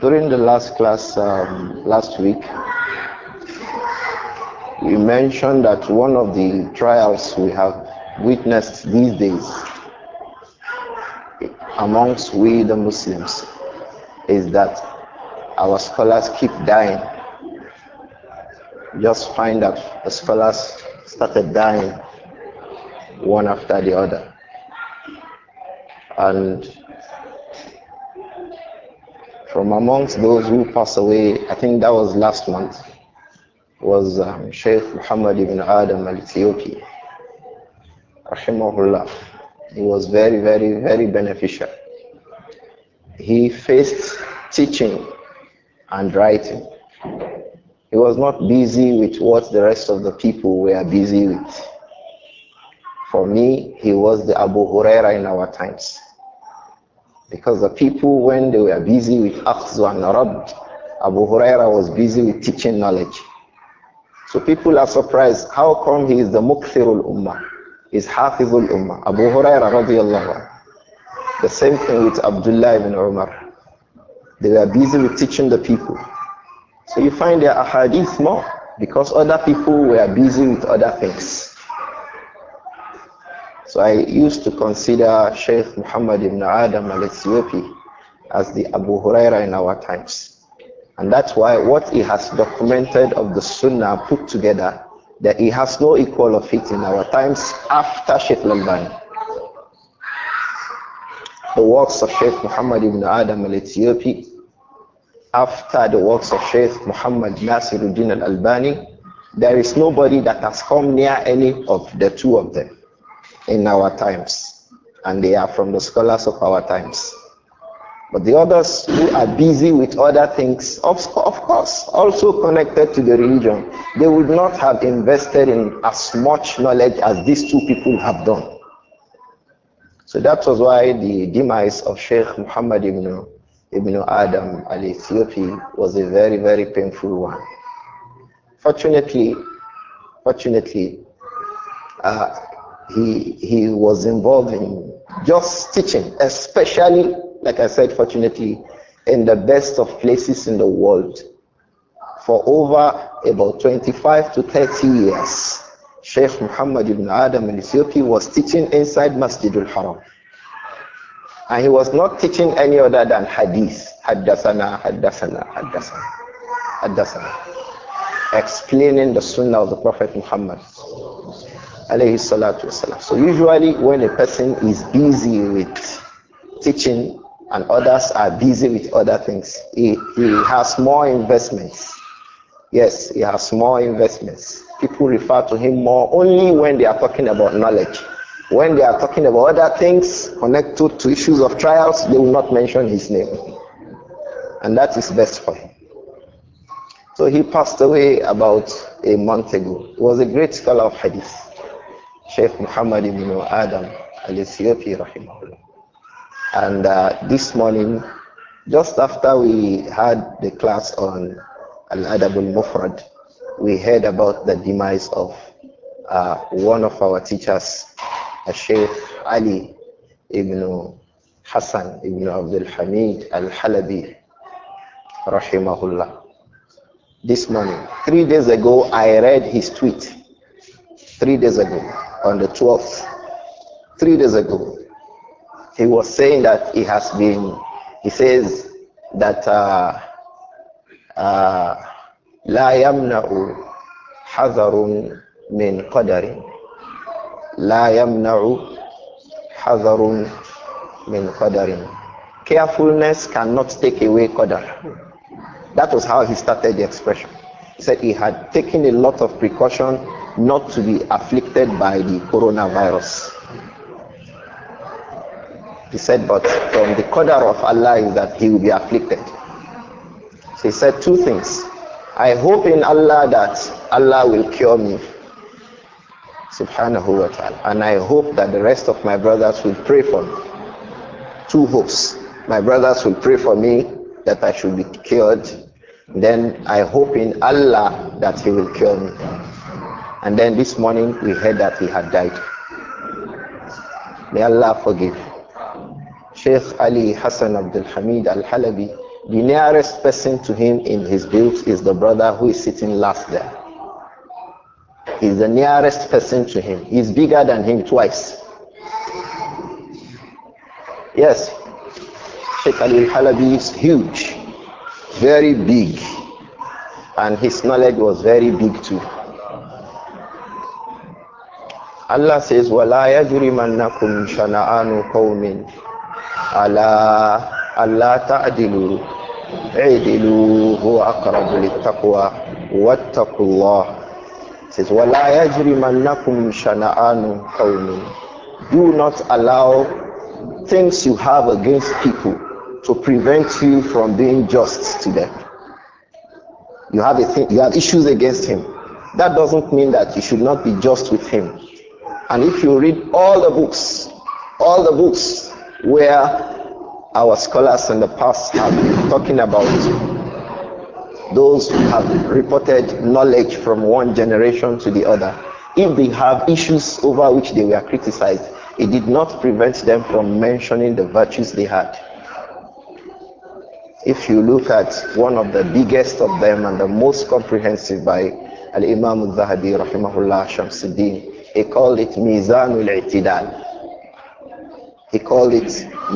During the last class um, last week, we mentioned that one of the trials we have witnessed these days amongst we the Muslims is that our scholars keep dying. Just find that the scholars started dying one after the other. And from amongst those who passed away, I think that was last month, was um, Sheikh Muhammad ibn Adam al-Ethiopi. Rahimahullah. He was very, very, very beneficial. He faced teaching and writing. He was not busy with what the rest of the people were busy with. For me, he was the Abu Huraira in our times. Because the people, when they were busy with Akhzu and Rabb, Abu Huraira was busy with teaching knowledge. So people are surprised, how come he is the Mukthirul Ummah? He's Hafizul Ummah. Abu Huraira radiallahu The same thing with Abdullah ibn Umar. They were busy with teaching the people. So you find their ahadith more because other people were busy with other things. So I used to consider Sheikh Muhammad ibn Adam al-Ethiopi as the Abu Huraira in our times. And that's why what he has documented of the Sunnah put together, that he has no equal of it in our times after Sheikh Lalbani. The works of Sheikh Muhammad ibn Adam al-Ethiopi, after the works of Sheikh Muhammad Nasiruddin al-Albani, there is nobody that has come near any of the two of them in our times, and they are from the scholars of our times. But the others who are busy with other things, of, of course, also connected to the religion, they would not have invested in as much knowledge as these two people have done. So that was why the demise of Sheikh Muhammad ibn, ibn Adam al Ethiopi was a very, very painful one. Fortunately, fortunately, uh, he he was involved in just teaching, especially like I said, fortunately, in the best of places in the world for over about 25 to 30 years. Sheikh Muhammad ibn Adam al Ethiopi was teaching inside Masjidul Haram. And he was not teaching any other than hadith. Haddasana, haddasana, haddasana, haddasana. Explaining the sunnah of the Prophet Muhammad alayhi salatu wasalam. So usually when a person is busy with teaching and others are busy with other things, he, he has more investments. Yes, he has more investments. People refer to him more only when they are talking about knowledge. When they are talking about other things connected to issues of trials, they will not mention his name. And that is best for him. So he passed away about a month ago. He was a great scholar of hadith. Sheikh Muhammad ibn Adam al-Ethiopi rahimahullah. And uh, this morning, just after we had the class on Al-Adab al-Mufrad, we heard about the demise of uh, one of our teachers, Sheikh Ali ibn Hassan ibn Abdul Hamid al-Halabi rahimahullah. This morning, three days ago, I read his tweet. Three days ago, on the 12th, three days ago, he was saying that he has been, he says that uh, uh, لا يمنع حذر من قدر لا يمنع حذر من قدر carefulness cannot take away qadar that was how he started the expression he said he had taken a lot of precaution not to be afflicted by the coronavirus. He said, but from the corner of Allah is that he will be afflicted. So he said two things. I hope in Allah that Allah will cure me. Subhanahu wa ta'ala. And I hope that the rest of my brothers will pray for me. Two hopes. My brothers will pray for me that I should be cured. Then I hope in Allah that He will cure me. And then this morning we heard that he had died. May Allah forgive. Sheikh Ali Hassan Abdul Hamid Al Halabi, the nearest person to him in his build is the brother who is sitting last there. He's the nearest person to him. He's bigger than him twice. Yes, Sheikh Ali Al Halabi is huge, very big, and his knowledge was very big too. Allah says, وَلَا يَجْرِمَنَّكُمْ شَنَآنُ قَوْمٍ عَلَىٰ أَلَّا تَعْدِلُوا عِدِلُوا هُوَ أَقْرَبُ لِلتَّقْوَى وَاتَّقُوا اللَّهَ says, وَلَا يَجْرِمَنَّكُمْ شَنَآنُ قَوْمٍ Do not allow things you have against people to prevent you from being just to them. You have a thing, you have issues against him. That doesn't mean that you should not be just with him. And if you read all the books, all the books where our scholars in the past have been talking about those who have reported knowledge from one generation to the other, if they have issues over which they were criticized, it did not prevent them from mentioning the virtues they had. If you look at one of the biggest of them and the most comprehensive by Al Imam al Zahabi, Rahimahullah Shamsuddin, he called it Mizanul Itidal. He called it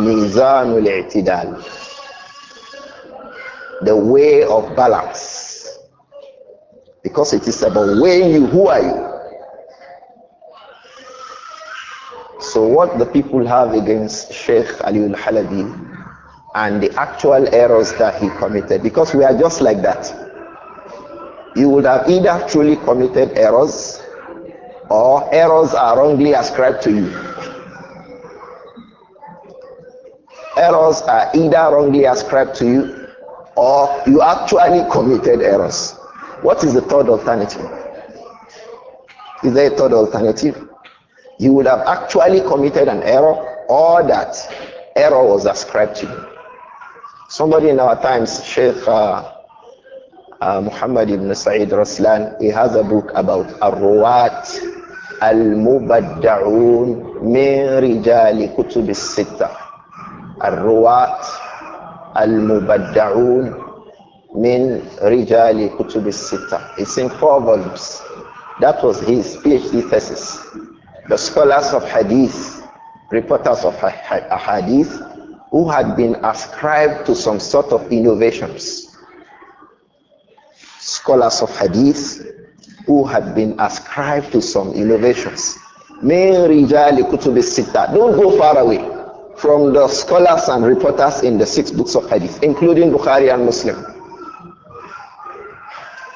Mizanul Itidal. The way of balance. Because it is about weighing you, who are you? So what the people have against Sheikh Ali al-Halabi and the actual errors that he committed, because we are just like that. You would have either truly committed errors or errors are wrongly ascribed to you. Errors are either wrongly ascribed to you or you actually committed errors. What is the third alternative? Is there a third alternative? You would have actually committed an error or that error was ascribed to you. Somebody in our times, Sheikh uh, uh, Muhammad ibn Sa'id Raslan, he has a book about Arwat المبدعون من رجال كتب الستة الرواة المبدعون من رجال كتب الستة It's in four volumes That was his PhD thesis The scholars of hadith reporters of hadith who had been ascribed to some sort of innovations scholars of hadith who had been ascribed to some innovations. Don't go far away from the scholars and reporters in the six books of hadith, including Bukhari and Muslim.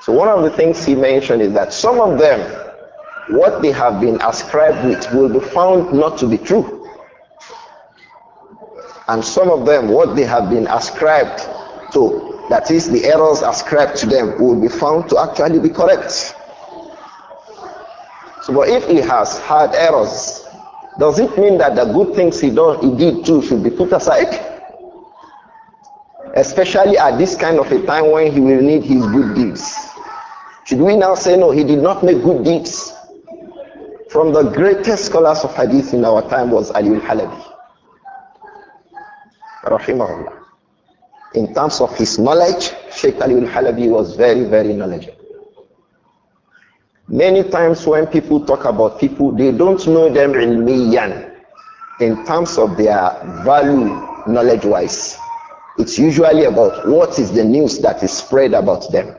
So one of the things he mentioned is that some of them, what they have been ascribed with will be found not to be true. And some of them, what they have been ascribed to, that is the errors ascribed to them, will be found to actually be correct. So, but if he has had errors, does it mean that the good things he, he did too should be put aside? Especially at this kind of a time when he will need his good deeds. Should we now say, no, he did not make good deeds? From the greatest scholars of hadith in our time was Ali al-Halabi. Rahimahullah. In terms of his knowledge, Sheikh Ali al-Halabi was very, very knowledgeable. Many times when people talk about people, they don't know them in million. in terms of their value knowledge wise. It's usually about what is the news that is spread about them.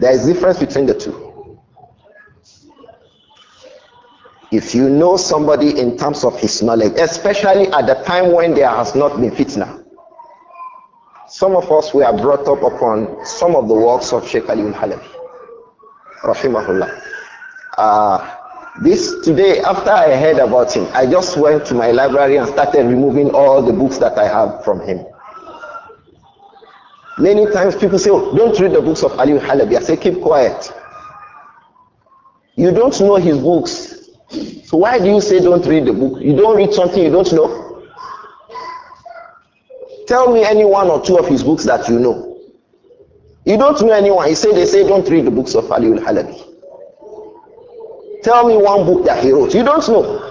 There is difference between the two. If you know somebody in terms of his knowledge, especially at the time when there has not been fitna, some of us were brought up upon some of the works of Sheikh Ali al-Halabi rahimahullah. Uh, this today, after I heard about him, I just went to my library and started removing all the books that I have from him. Many times people say, oh, don't read the books of Ali Halabi. I say, keep quiet. You don't know his books. So why do you say don't read the book? You don't read something you don't know? Tell me any one or two of his books that you know. You don't know anyone. He said, they say, don't read the books of Ali al-Halabi. Tell me one book that he wrote. You don't know.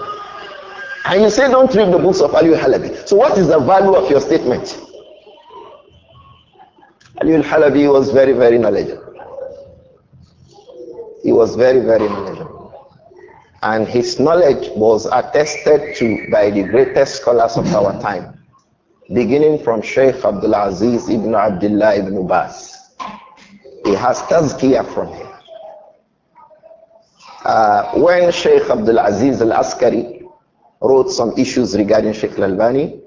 And you say, don't read the books of Ali al-Halabi. So what is the value of your statement? Ali al-Halabi was very, very knowledgeable. He was very, very knowledgeable. And his knowledge was attested to by the greatest scholars of our time, beginning from Sheikh Abdul Aziz ibn Abdullah ibn Ubas. He has tazkiyah from him. Uh, when Sheikh Abdul Aziz Al Askari wrote some issues regarding Sheikh Al Albani,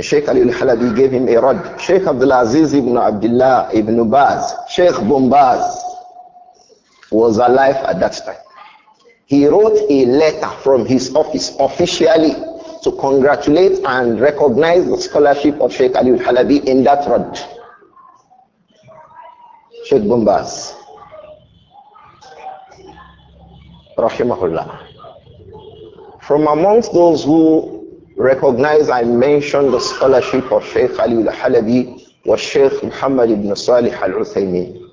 Sheikh Ali Al Halabi gave him a rod. Sheikh Abdul Aziz ibn Abdullah ibn Baz, Sheikh Bombaz, was alive at that time. He wrote a letter from his office officially to congratulate and recognize the scholarship of Sheikh Ali Al Halabi in that rod. Sheikh Bumbas. Rahimahullah. From amongst those who recognize and mention the scholarship of Sheikh Ali al-Halabi was Sheikh Muhammad ibn Salih al-Uthaymeen.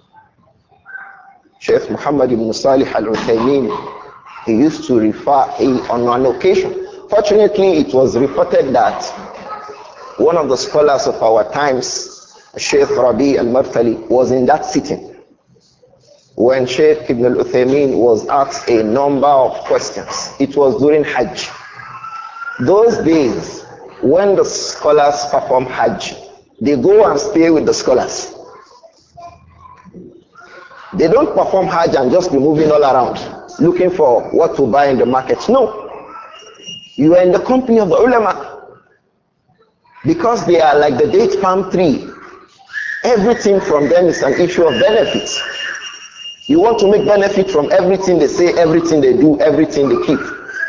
Sheikh Muhammad ibn Salih al-Uthaymeen, he used to refer, he, on one occasion, fortunately it was reported that one of the scholars of our times Sheikh Rabi al-Martali was in that sitting when Sheikh Ibn al-Uthaymeen was asked a number of questions. It was during Hajj. Those days, when the scholars perform Hajj, they go and stay with the scholars. They don't perform Hajj and just be moving all around looking for what to buy in the market. No. You are in the company of the ulama because they are like the date palm tree Everything from them is an issue of benefit. You want to make benefit from everything they say, everything they do, everything they keep.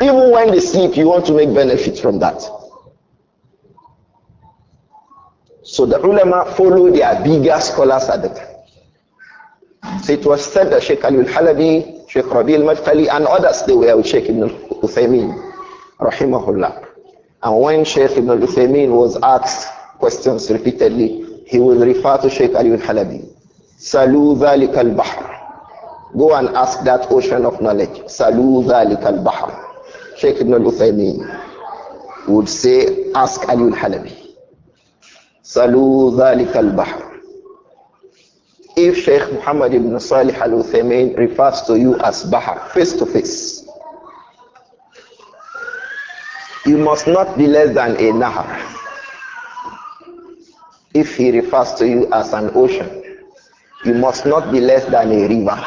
Even when they sleep, you want to make benefit from that. So the ulama follow their bigger scholars at the time. So it was said that Sheikh Ali al-Halabi, Sheikh Rabi al-Madkhali and others, they were with Sheikh Ibn al-Uthaymeen, rahimahullah. And when Sheikh Ibn al-Uthaymeen was asked questions repeatedly, he will refer to Sheikh Ali al-Halabi. Salu ذلك البحر. Go and ask that ocean of knowledge. Salu ذلك البحر. Sheikh Ibn al-Uthaymeen would say, ask Ali al-Halabi. Salu ذلك البحر. If Sheikh Muhammad ibn Salih al-Uthaymeen refers to you as Bahar, face to face, you must not be less than a Nahar. If he refers to you as an ocean, you must not be less than a river.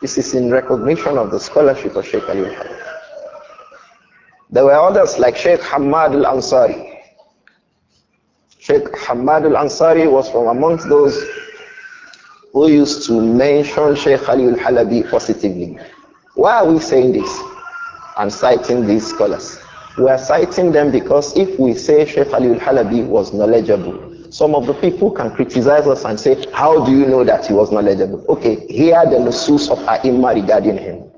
This is in recognition of the scholarship of Sheikh Ali. There were others like Sheikh Hamad al Ansari. Sheikh Hamad al Ansari was from amongst those who used to mention Sheikh Ali al Halabi positively. Why are we saying this and citing these scholars? We are citing them because if we say Sheikh Ali al-Halabi was knowledgeable, some of the people can criticize us and say, how do you know that he was knowledgeable? Okay, here are the nusus of A'imma regarding him.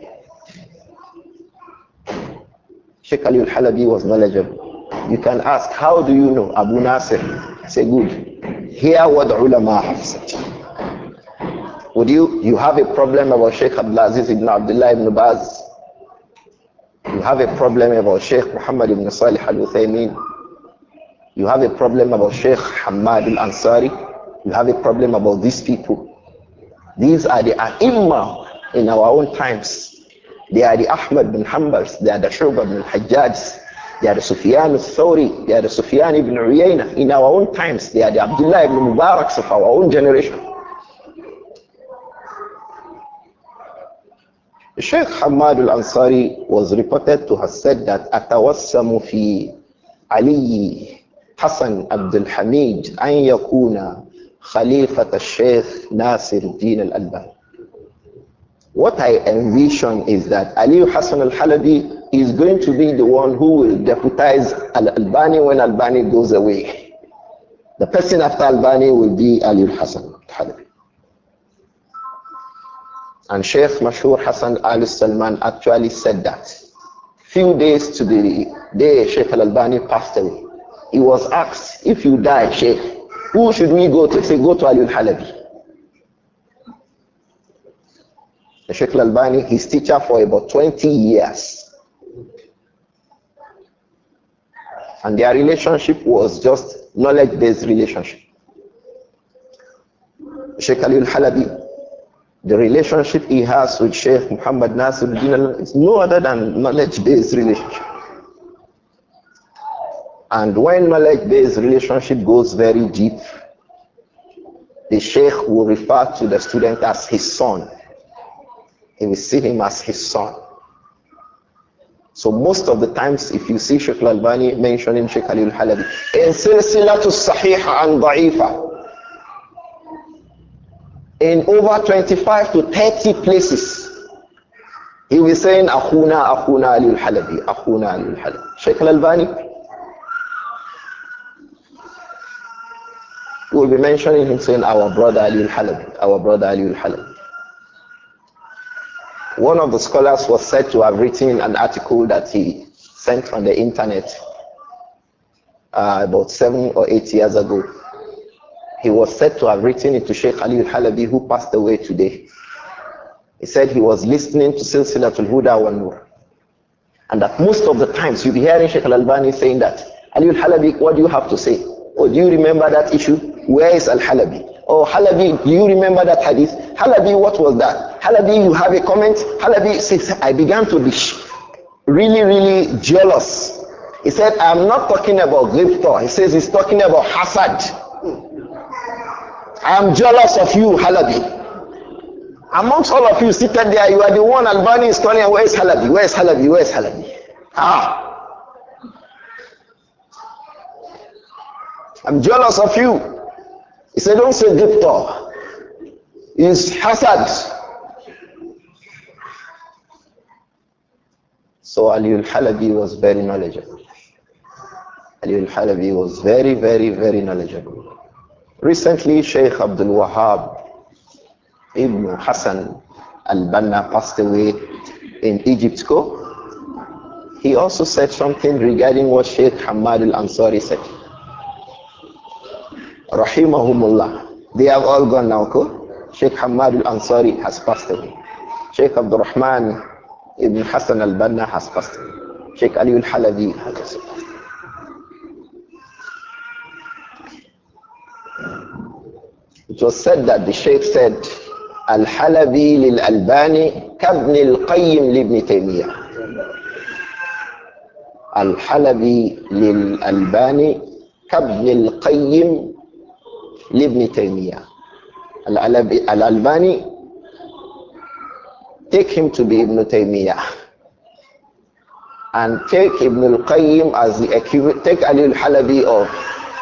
Sheikh Ali al-Halabi was knowledgeable. You can ask, how do you know Abu Nasir? Say, good. Here what the ulama have said. Would you, you have a problem about Sheikh Abdulaziz ibn Abdullah ibn Baz? You have a problem about Sheikh Muhammad ibn Salih al Uthaymeen. You have a problem about Sheikh Hamad al Ansari. You have a problem about these people. These are the ai in our own times. They are the Ahmad bin Hanbals, they are the Shuba bin Hajjaj, they are the Sufyan al-Thawri, they are the Sufyan ibn Uyayna. In our own times, they are the Abdullah ibn Mubarak of our own generation. Sheikh Hamad al-Ansari was reported to have said that أتوسم في علي حسن عبد الحميد أن يكون خليفة الشيخ ناصر al Albani. What I envision is that Ali Hassan al-Halabi is going to be the one who will deputize al-Albani when al Albani goes away. The person after al Albani will be Ali Hassan al-Halabi. And Sheikh Mashur Hassan Al Salman actually said that. Few days to the day Sheikh Al Albani passed away, he was asked, If you die, Sheikh, who should we go to? He said, Go to Ali Al Halabi. Sheikh Al Albani, his teacher for about 20 years. And their relationship was just knowledge based relationship. Sheikh Ali Al Halabi the relationship he has with Sheikh Muhammad Nasiruddin is no other than knowledge-based relationship. And when knowledge-based relationship goes very deep, the Sheikh will refer to the student as his son. He will see him as his son. So most of the times, if you see Sheikh mentioning Sheikh Ali Al-Halabi, in silsilatu sahiha and da'ifa, in over 25 to 30 places. He was saying, "Ahuna, ahuna Ali al-Halabi, ahuna Ali al-Halabi. Sheikh al-Albani will be mentioning him saying, our brother Ali al-Halabi, our brother Ali al-Halabi. One of the scholars was said to have written an article that he sent on the internet uh, about seven or eight years ago he was said to have written it to Sheikh Ali al-Halabi who passed away today. He said he was listening to Silsilatul Huda wal Nur. And that most of the times you'll be hearing Sheikh al-Albani saying that, Ali al-Halabi, what do you have to say? Oh, do you remember that issue? Where is al-Halabi? Oh, Halabi, do you remember that hadith? Halabi, what was that? Halabi, you have a comment? Halabi says, I began to be really, really jealous. He said, I'm not talking about ghibta. He says he's talking about hazard. I am jealous of you, Halabi. Amongst all of you seated there, you are the one Albani is calling, where is Halabi? Where is Halabi? Where is Halabi? Ah. I'm jealous of you. He said, don't say Giptor. It's hazard. So Ali al-Halabi was very knowledgeable. Ali al-Halabi was very, very, very knowledgeable. Recently, Sheikh Abdul Wahab Ibn Hassan al-Banna passed away in Egypt. He also said something regarding what Sheikh Hamad al-Ansari said. Rahimahumullah. They have all gone now. Ko? Sheikh Hamad al-Ansari has passed away. Sheikh Abdul Rahman Ibn Hassan al-Banna has passed away. Sheikh Ali al-Halabi has passed away. It was said that the Sheikh said, Al-Halabi lil-Albani kabni al-Qayyim libni Taymiyyah. Al-Halabi lil-Albani kabni al-Qayyim libni Taymiyyah. Al-Albani, take him to be Ibn Taymiyyah. And take Ibn al-Qayyim as the, take Ali al-Halabi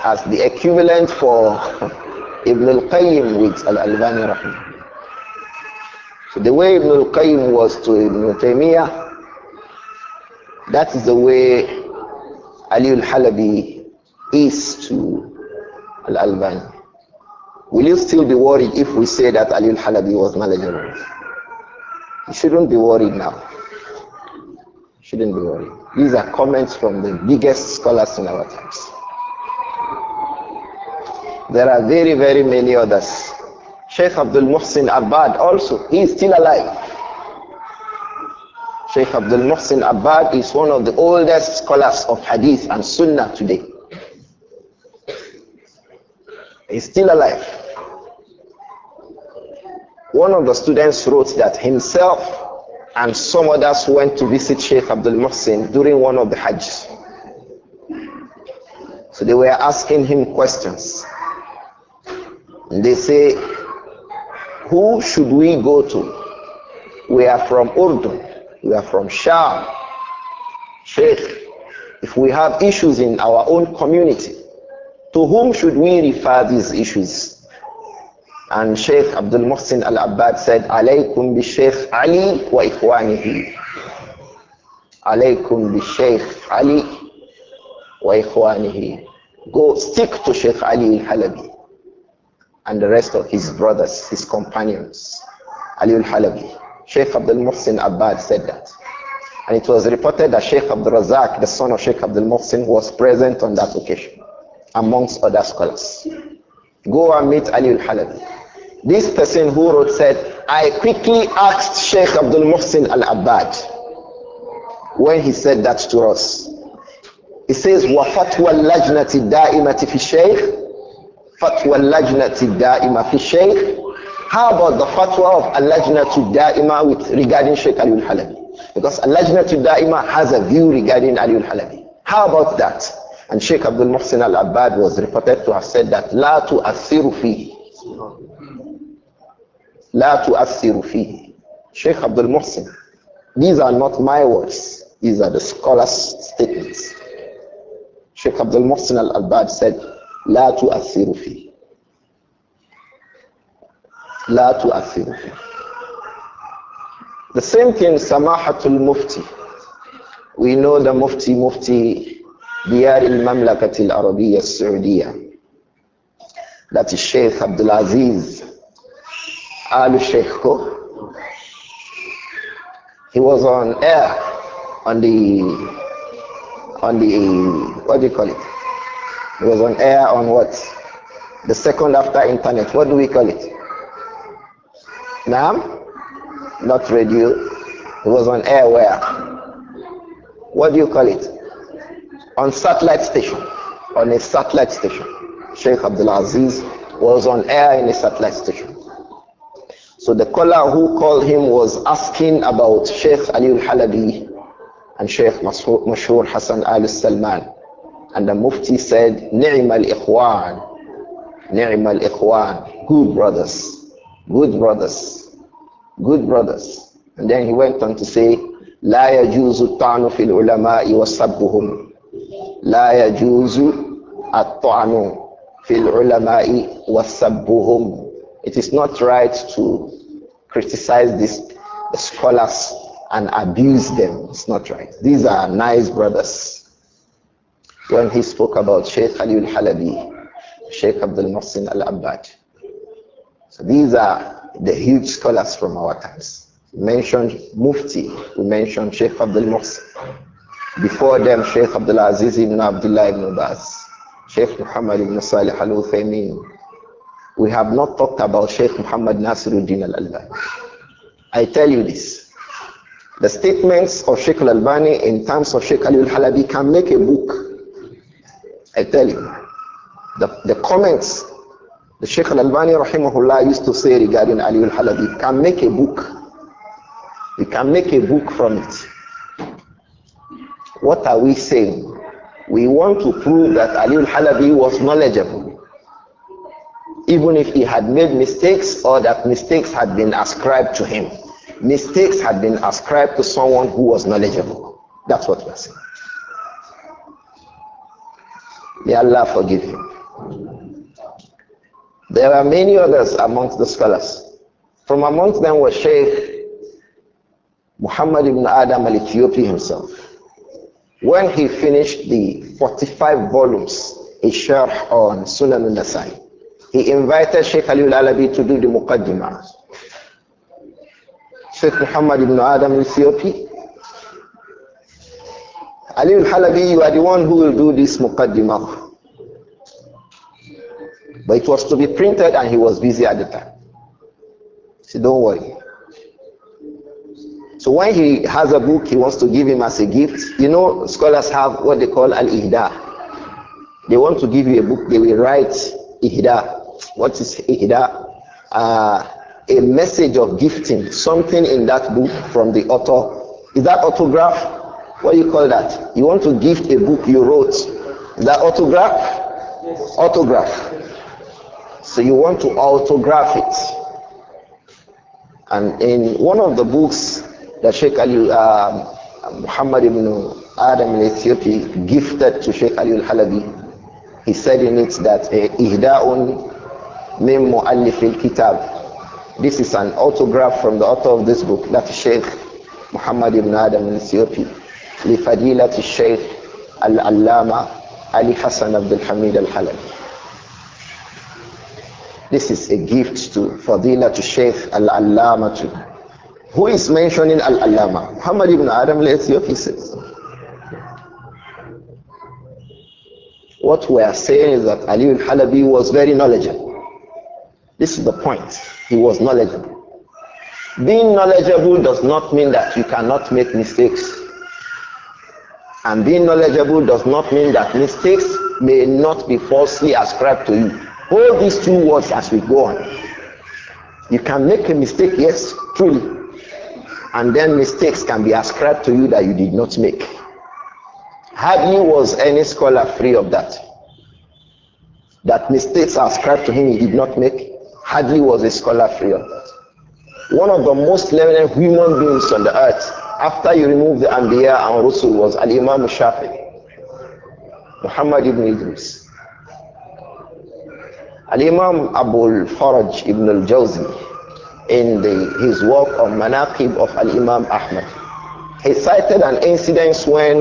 as the equivalent for Ibn al-Qayyim with Al-Albani Rahim. So the way Ibn al-Qayyim was to Ibn Taymiyyah, that is the way Ali al-Halabi is to Al-Albani. Will you still be worried if we say that Ali al-Halabi was knowledgeable? You shouldn't be worried now. You shouldn't be worried. These are comments from the biggest scholars in our times. There are very, very many others. Sheikh Abdul Muhsin Abad also, he is still alive. Sheikh Abdul Muhsin Abad is one of the oldest scholars of Hadith and Sunnah today. He's still alive. One of the students wrote that himself and some others went to visit Sheikh Abdul Muhsin during one of the Hajj. So they were asking him questions. They say, Who should we go to? We are from Urdun. We are from Sham. Sheikh, if we have issues in our own community, to whom should we refer these issues? And Sheikh Abdul Muhsin Al Abbad said, Alaykum bi Sheikh Ali wa ikhwanihi. Alaykum bi Sheikh Ali wa ikhwanihi. Go stick to Sheikh Ali al Halabi and the rest of his brothers, his companions. Ali al-Halabi. Sheikh Abdul Muhsin Abbad said that. And it was reported that Sheikh Abdul Razak, the son of Sheikh Abdul Muhsin, was present on that occasion, amongst other scholars. Go and meet Ali al-Halabi. This person who wrote said, I quickly asked Sheikh Abdul Muhsin al-Abbad when he said that to us. He says, وَفَتْوَى اللَّجْنَةِ الدَّائِمَةِ فِي الشَّيْخِ fatwa al-lajnati da'ima fi shaykh how about the fatwa of al-lajnatu da'ima with regarding shaykh Ali al-Halabi because al-lajnatu da'ima has a view regarding Ali al-Halabi how about that and Sheikh Abdul Muhsin al-Abbad was reported to have said that la tu'athiru fihi la tu'athiru fihi Sheikh Abdul Muhsin these are not my words these are the scholars statements Sheikh Abdul Muhsin al-Abbad said لا تؤثر فيه لا تؤثر فيه The same thing Samahatul Mufti We know the Mufti Mufti ديار المملكة العربية السعودية That is Sheikh Abdul Aziz Al Sheikh He was on air on the on the what do you call it it was on air on what? The second after internet. What do we call it? Now? Not radio. It was on air where? What do you call it? On satellite station. On a satellite station. Sheikh Abdul Aziz was on air in a satellite station. So the caller who called him was asking about Sheikh Ali al-Halabi and Sheikh Mashur Hassan al-Salman. And the Mufti said, ni al-ikhwan, ni al-ikhwan, good brothers, good brothers, good brothers. And then he went on to say, لا يجوز الطعن في العلماء وسبهم لا يجوز الطعن في العلماء وسبهم It is not right to criticize these scholars and abuse them. It's not right. These are nice brothers when he spoke about Sheikh Ali al-Halabi, Sheikh Abdul Muhsin al-Abbad. So these are the huge scholars from our times. We mentioned Mufti, we mentioned Sheikh Abdul Muhsin. Before them, Sheikh Abdul Aziz ibn Abdullah ibn Baz, Sheikh Muhammad ibn Salih al Uthaymeen. We have not talked about Sheikh Muhammad Nasiruddin al Albani. I tell you this. The statements of Sheikh al Albani in terms of Sheikh Ali al Halabi can make a book I tell you, the, the comments the Sheikh Al-Albani rahimahullah used to say regarding Ali al-Halabi, can make a book. We can make a book from it. What are we saying? We want to prove that Ali al-Halabi was knowledgeable. Even if he had made mistakes or that mistakes had been ascribed to him. Mistakes had been ascribed to someone who was knowledgeable. That's what we're saying. May Allah forgive him. There are many others amongst the scholars. From amongst them was Sheikh Muhammad ibn Adam al-Ethiopi himself. When he finished the 45 volumes, a sharh on Sunan al-Nasai, he invited Sheikh al Alabi to do the muqaddimah. Sheikh Muhammad ibn Adam al-Ethiopi Ali al-Halabi, you are the one who will do this muqaddimah. But it was to be printed and he was busy at the time. So don't worry. So when he has a book he wants to give him as a gift, you know, scholars have what they call an ihda. They want to give you a book, they will write ihda. What is ihda? Uh, a message of gifting, something in that book from the author. Is that autograph? What do you call that? You want to gift a book you wrote. The autograph? Yes. Autograph. So you want to autograph it. And in one of the books that Sheikh Ali uh, Muhammad ibn Adam al-Ethiopi gifted to Sheikh Ali al-Halabi, he said in it that eh, "Ihdaun مِنْ al kitab." This is an autograph from the author of this book, that Sheikh Muhammad ibn Adam al-Ethiopi. لفضيلة الشيخ العلامة Ali Hassan Abdul Hamid Al This is a gift to Fadila to Sheikh Al Allama. Who is mentioning Al Allama? Muhammad ibn Adam al Ethiopi says. What we are saying is that Ali al Halabi was very knowledgeable. This is the point. He was knowledgeable. Being knowledgeable does not mean that you cannot make mistakes. And being knowledgeable does not mean that mistakes may not be falsely ascribed to you. Hold these two words as we go on. You can make a mistake, yes, truly. And then mistakes can be ascribed to you that you did not make. Hardly was any scholar free of that. That mistakes are ascribed to him he did not make, hardly was a scholar free of that. One of the most learned human beings on the earth after you remove the Anbiya and Rusul was Al Imam Shafi, Muhammad ibn Idris. Al Imam al Faraj ibn al Jawzi, in the, his work on Manaqib of Al Imam Ahmad, he cited an incident when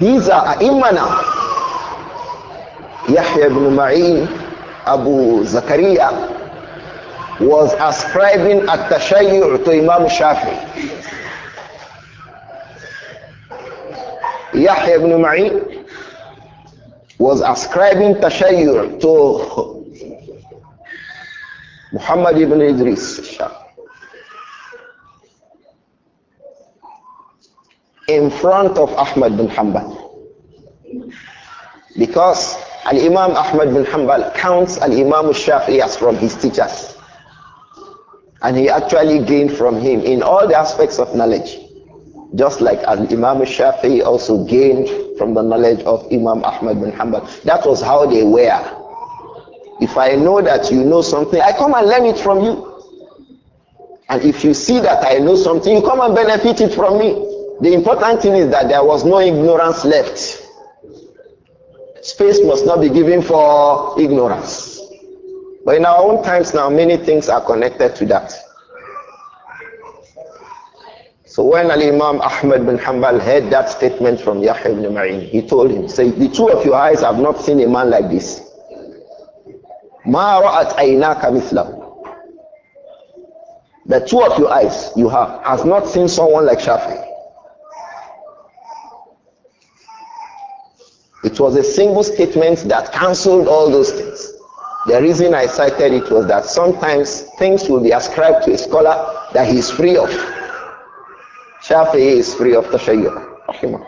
these are Imana, Yahya ibn Ma'in, Abu Zakaria, was ascribing at-tashayyu' to Imam Shafi. Yahya ibn Ma'in was ascribing tashayyu' to Muhammad ibn Idris. In front of Ahmad bin Hanbal. Because Al-Imam Ahmad bin Hanbal counts Al-Imam Shafi as from his teachers and he actually gained from him in all the aspects of knowledge. Just like Imam Shafi also gained from the knowledge of Imam Ahmad bin Hanbal. That was how they were. If I know that you know something, I come and learn it from you. And if you see that I know something, you come and benefit it from me. The important thing is that there was no ignorance left. Space must not be given for ignorance. But in our own times now, many things are connected to that. So when Al Imam Ahmad bin Hanbal heard that statement from Yahya ibn Ma'in, he told him, Say, the two of your eyes have not seen a man like this. The two of your eyes you have has not seen someone like Shafi. It was a single statement that cancelled all those things. The reason I cited it was that sometimes things will be ascribed to a scholar that he is free of. Shafi'i is free of tashayyur.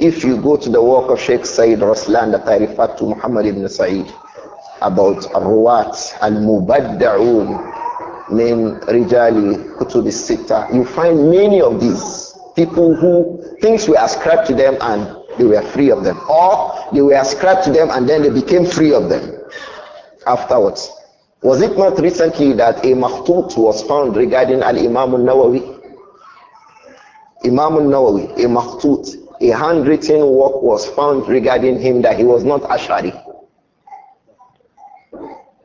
If you go to the work of Sheikh Said Raslan that I referred to Muhammad ibn Sa'id about Ruwat al Mubadda'un min Rijali Kutubi Sita, you find many of these people who things were ascribed to them and they were free of them, or they were ascribed to them and then they became free of them afterwards. Was it not recently that a maqtut was found regarding Al Imam al Nawawi? Imam al Nawawi, a mahtut, a handwritten work was found regarding him that he was not Ash'ari.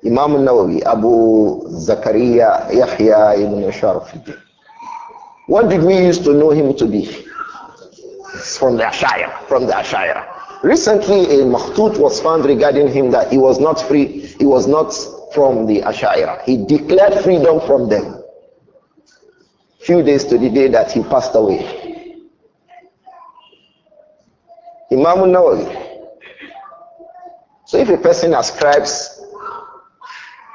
Imam al Nawawi, Abu Zakaria Yahya ibn Sharfuddin. What did we used to know him to be? It's from the Ash'ari, from the Ash'ari. Recently, a mahtut was found regarding him that he was not free, he was not from the Ashaira. He declared freedom from them. Few days to the day that he passed away. Imam Nawawi. So if a person ascribes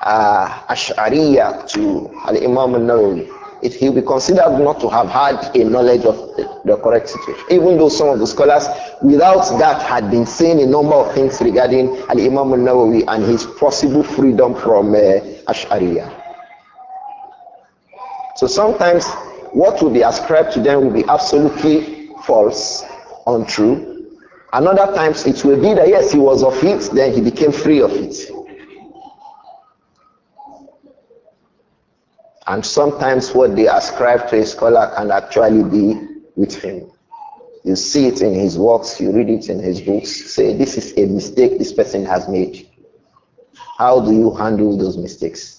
uh, Ash'ariya to Al Imam Nawawi, it, he will be considered not to have had a knowledge of the, the correct situation. Even though some of the scholars, without that, had been saying a number of things regarding Al Imam Al Nawawi and his possible freedom from uh, Ash'ariya. So sometimes what will be ascribed to them will be absolutely false, untrue. And other times it will be that yes, he was of it, then he became free of it. And sometimes what they ascribe to a scholar can actually be with him. You see it in his works, you read it in his books, say, This is a mistake this person has made. How do you handle those mistakes?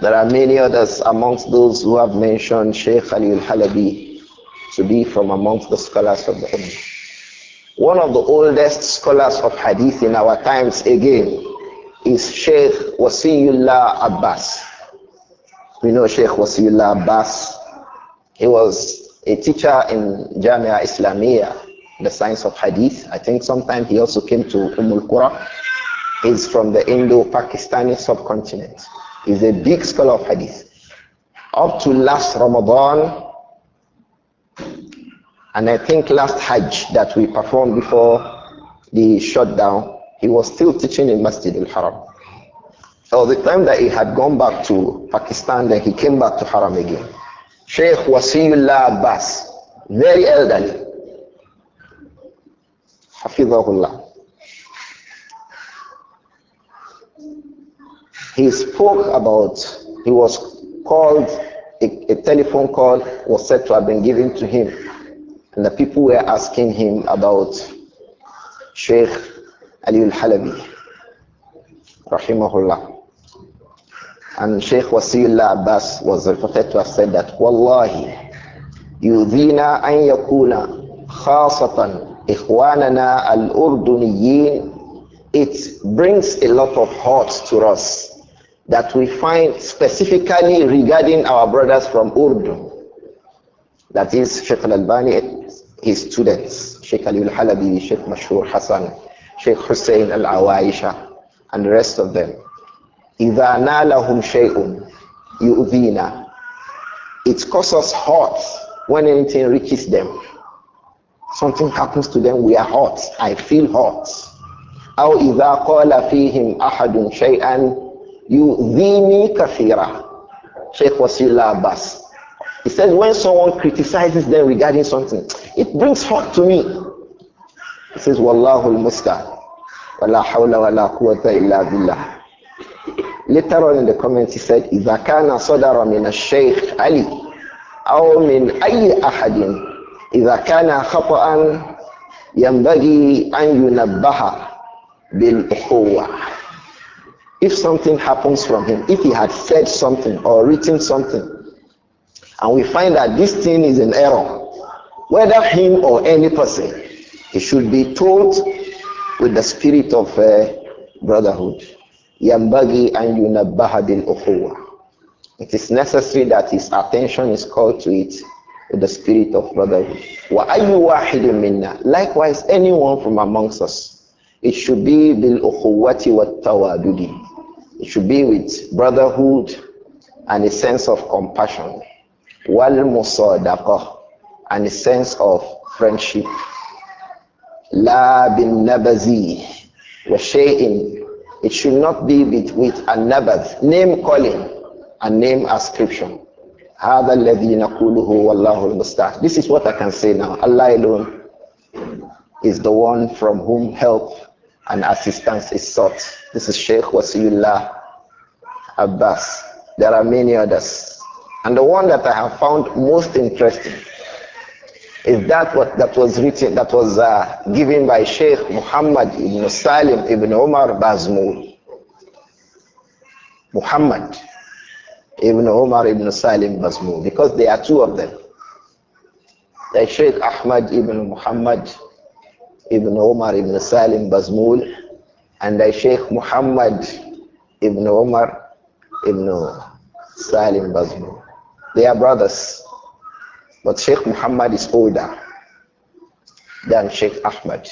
There are many others amongst those who have mentioned Sheikh Ali al Halabi to be from amongst the scholars of the Ummah. One of the oldest scholars of hadith in our times, again, is Sheikh Wasiullah Abbas. We know Sheikh Wasiullah Abbas. He was a teacher in Jamia Islamia, the science of Hadith. I think sometime he also came to Umul qura He's from the Indo-Pakistani subcontinent. He's a big scholar of Hadith. Up to last Ramadan, and I think last Hajj that we performed before the shutdown, he was still teaching in Masjid al-Haram. So the time that he had gone back to Pakistan, then he came back to Haram again. Sheikh Wasiullah Abbas, very elderly. Hafizahullah. He spoke about, he was called, a, a telephone call was said to have been given to him. And the people were asking him about Sheikh علي الحلبي رحمه الله And Sheikh وسي Abbas was reported to have said that, Wallahi, يُذِينَا أَن يَكُونَ خَاصَةً إِخْوَانَنَا الْأُرْدُنِيِّينَ It brings a lot of hurt to us that we find specifically regarding our brothers from Urdu. That is Sheikh Al-Albani, his students, Sheikh Ali al-Halabi, Sheikh Mashur Hassan, Sheikh Hussein al Awaisha, and the rest of them. إِذَا نَالَهُمْ شَيْءٌ يُؤْذِينَ It causes hurt when anything reaches them. Something happens to them, we are hurt. I feel hurt. أَوْ إِذَا قَالَ فِيهِمْ أَحَدٌ شَيْئًا يُؤْذِينِي كَثِيرًا Sheikh Wasillah Abbas. He says when someone criticizes them regarding something, it brings hurt to me. He says, Wallahu al-Musta'an. Wala hawla wala quwwata illa billah. Later on in the comments he said, إذا كان صدر من الشيخ علي أو من أي أحد إذا كان خطأ ينبغي أن bil بالأخوة if something happens from him, if he had said something or written something, and we find that this thing is an error, whether him or any person, he should be taught with the spirit of uh, brotherhood. Yambagi and It is necessary that his attention is called to it with the spirit of brotherhood. Wa ayu minna. Likewise, anyone from amongst us, it should be bil ukhuwati tawadudi. It should be with brotherhood and a sense of compassion. Wal musadaqah and a sense of friendship La bin nabazi wa It should not be with, with a nabaz, name calling and name ascription. هذا الذي نقوله والله المستعان. This is what I can say now. Allah alone is the one from whom help and assistance is sought. This is Sheikh Wasiullah Abbas. There are many others. And the one that I have found most interesting is that what that was written, that was uh, given by Sheikh Muhammad ibn Salim ibn Umar Bazmul. Muhammad ibn Umar ibn Salim Bazmul, because there are two of them. The Sheikh Ahmad ibn Muhammad ibn Umar ibn Salim Bazmul and the Sheikh Muhammad ibn Umar ibn Salim Bazmul. They are brothers. But Sheikh Muhammad is older than Sheikh Ahmad.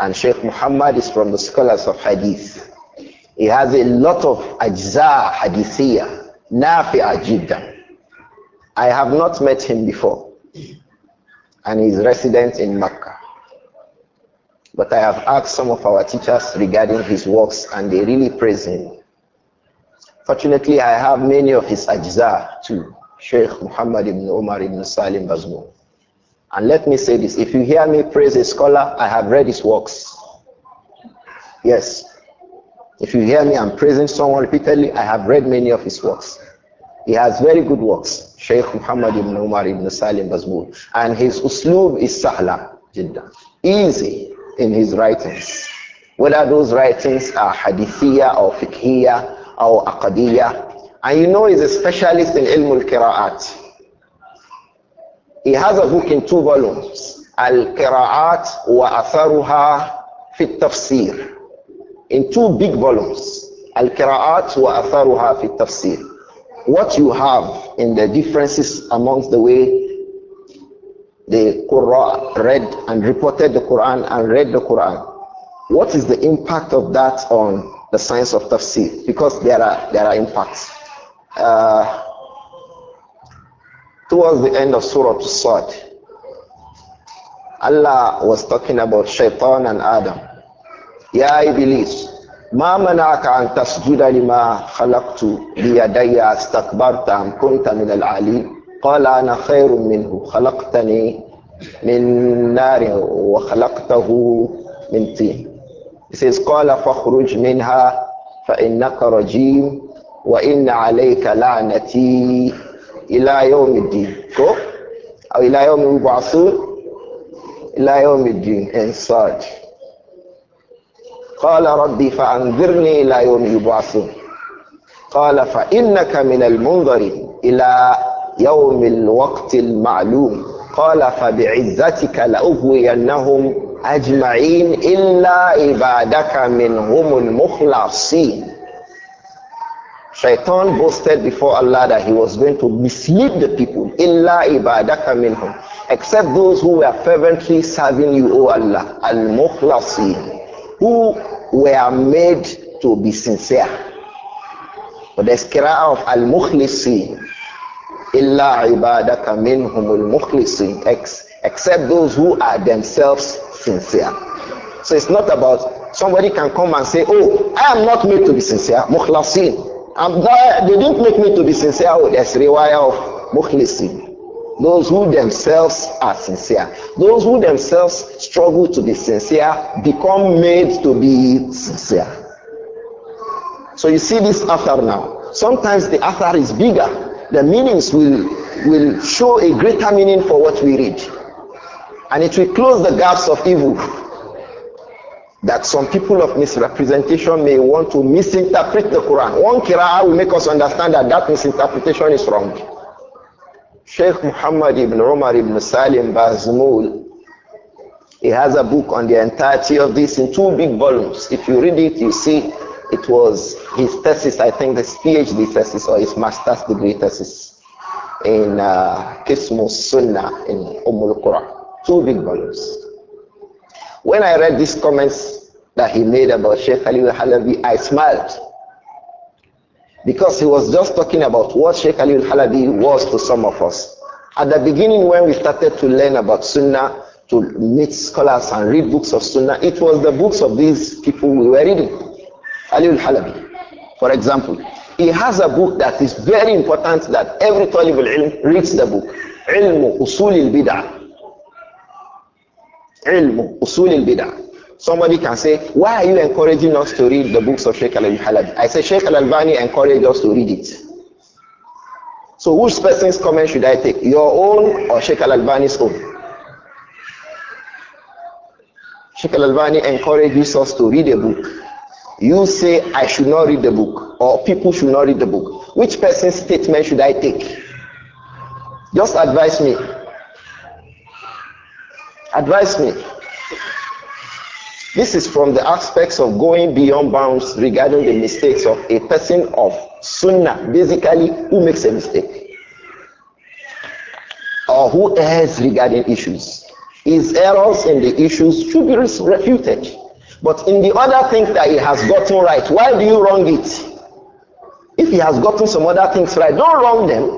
And Sheikh Muhammad is from the scholars of Hadith. He has a lot of ajza hadithiyah, Naafi jiddan. I have not met him before. And he's resident in Makkah. But I have asked some of our teachers regarding his works and they really praise him. Fortunately, I have many of his ajza too. Sheikh Muhammad ibn Omar ibn Salim Bazmum. And let me say this if you hear me praise a scholar, I have read his works. Yes. If you hear me, I'm praising someone repeatedly, I have read many of his works. He has very good works, Sheikh Muhammad ibn Umar ibn Salim Bazmul. And his uslub is sahla, jidda, easy in his writings. Whether those writings are hadithiyah or fiqhiyah or aqadiyah, and you know he's a specialist in ilm al He has a book in two volumes, Al-Qira'at wa Atharuha fit Tafsir. In two big volumes, Al-Qira'at wa Atharuha fit Tafsir. What you have in the differences amongst the way the Quran read and reported the Quran and read the Quran. What is the impact of that on the science of tafsir? Because there are there are impacts. Uh, towards the end of Surah Sad, Allah was talking about Shaitan and Adam. Ya Iblis, ma manaka an tasjuda lima khalaqtu liyadayya kunta min al-ali. Qala ana khairun minhu khalaqtani min nari wa khalaqtahu min tin. He says, Qala fakhruj minha fa innaka وإن عليك لعنتي إلى يوم الدين كو أو إلى يوم يبعثون إلى يوم الدين إنصاج قال ربي فأنذرني إلى يوم يبعثون قال فإنك من المنظرين إلى يوم الوقت المعلوم قال فبعزتك لأغوينهم أجمعين إلا عبادك منهم المخلصين Shaitan boasted before Allah that he was going to mislead the people. Illa ibadaka minhum. Except those who were fervently serving you, O Allah. Al-mukhlasin. Who were made to be sincere. But the qira'ah of al-mukhlasin. Illa ibadaka minhum al-mukhlasin. Except those who are themselves sincere. So it's not about somebody can come and say, oh, I am not made to be sincere. Mukhlasin. And they didn't make me to be sincere with this rewire of Mukhlisin. Those who themselves are sincere. Those who themselves struggle to be sincere become made to be sincere. So you see this author now. Sometimes the author is bigger. The meanings will, will show a greater meaning for what we read. And it will close the gaps of evil that some people of misrepresentation may want to misinterpret the Quran. One qira'ah will make us understand that that misinterpretation is wrong. Sheikh Muhammad ibn Umar ibn Salim Bazmul, he has a book on the entirety of this in two big volumes. If you read it, you see it was his thesis, I think his PhD thesis or his master's degree thesis in uh, Sunnah in Umul al-Qura. Two big volumes. When I read these comments that he made about Sheikh Ali al-Halabi, I smiled. Because he was just talking about what Sheikh Ali al-Halabi was to some of us. At the beginning when we started to learn about Sunnah, to meet scholars and read books of Sunnah, it was the books of these people we were reading. Ali al-Halabi, for example. He has a book that is very important that every Talib al-Ilm reads the book. Ilmu Usul al-Bid'ah ilm, usul al-bid'ah. Somebody can say, why are you encouraging us to read the books of Sheikh al-Halabi? I say Sheikh al-Albani encouraged us to read it. So which person's comment should I take? Your own or Sheikh al-Albani's own? Sheikh al-Albani encourages us to read a book. You say, I should not read the book, or people should not read the book. Which person's statement should I take? Just advise me. Advise me. This is from the aspects of going beyond bounds regarding the mistakes of a person of sunnah, basically, who makes a mistake or who errs regarding issues. His errors in the issues should be refuted. But in the other things that he has gotten right, why do you wrong it? If he has gotten some other things right, don't wrong them.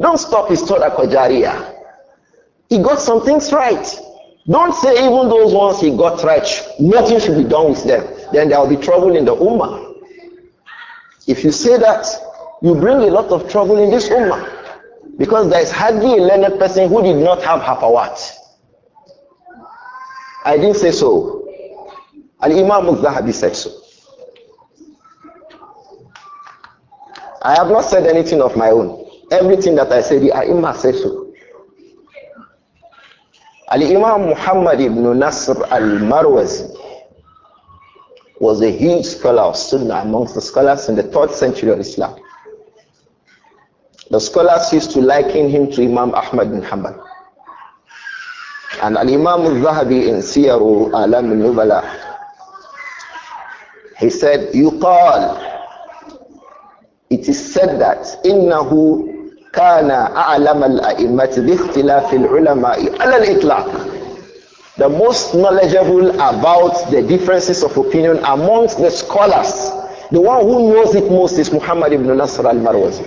Don't stop his Torah Kojariya. He got some things right. Don't say even those ones he got right, nothing should be done with them. Then there will be trouble in the Ummah. If you say that, you bring a lot of trouble in this Ummah. Because there is hardly a learned person who did not have hafawat. I didn't say so. Al Imam Zahabi said so. I have not said anything of my own. Everything that I said, the Imam said so. Al-Imam Muhammad ibn Nasr al-Marwazi was a huge scholar of Sunnah amongst the scholars in the 3rd century of Islam. The scholars used to liken him to Imam Ahmad bin Hanbal. And Al-Imam al-Zahabi in Siyaru Alam al-Nubala, he said, "You call." It is said that إِنَّهُ كان أعلم الأئمة باختلاف العلماء على الإطلاق the most knowledgeable about the differences of opinion amongst the scholars the one who knows it most is Muhammad ibn Nasr al-Marwazi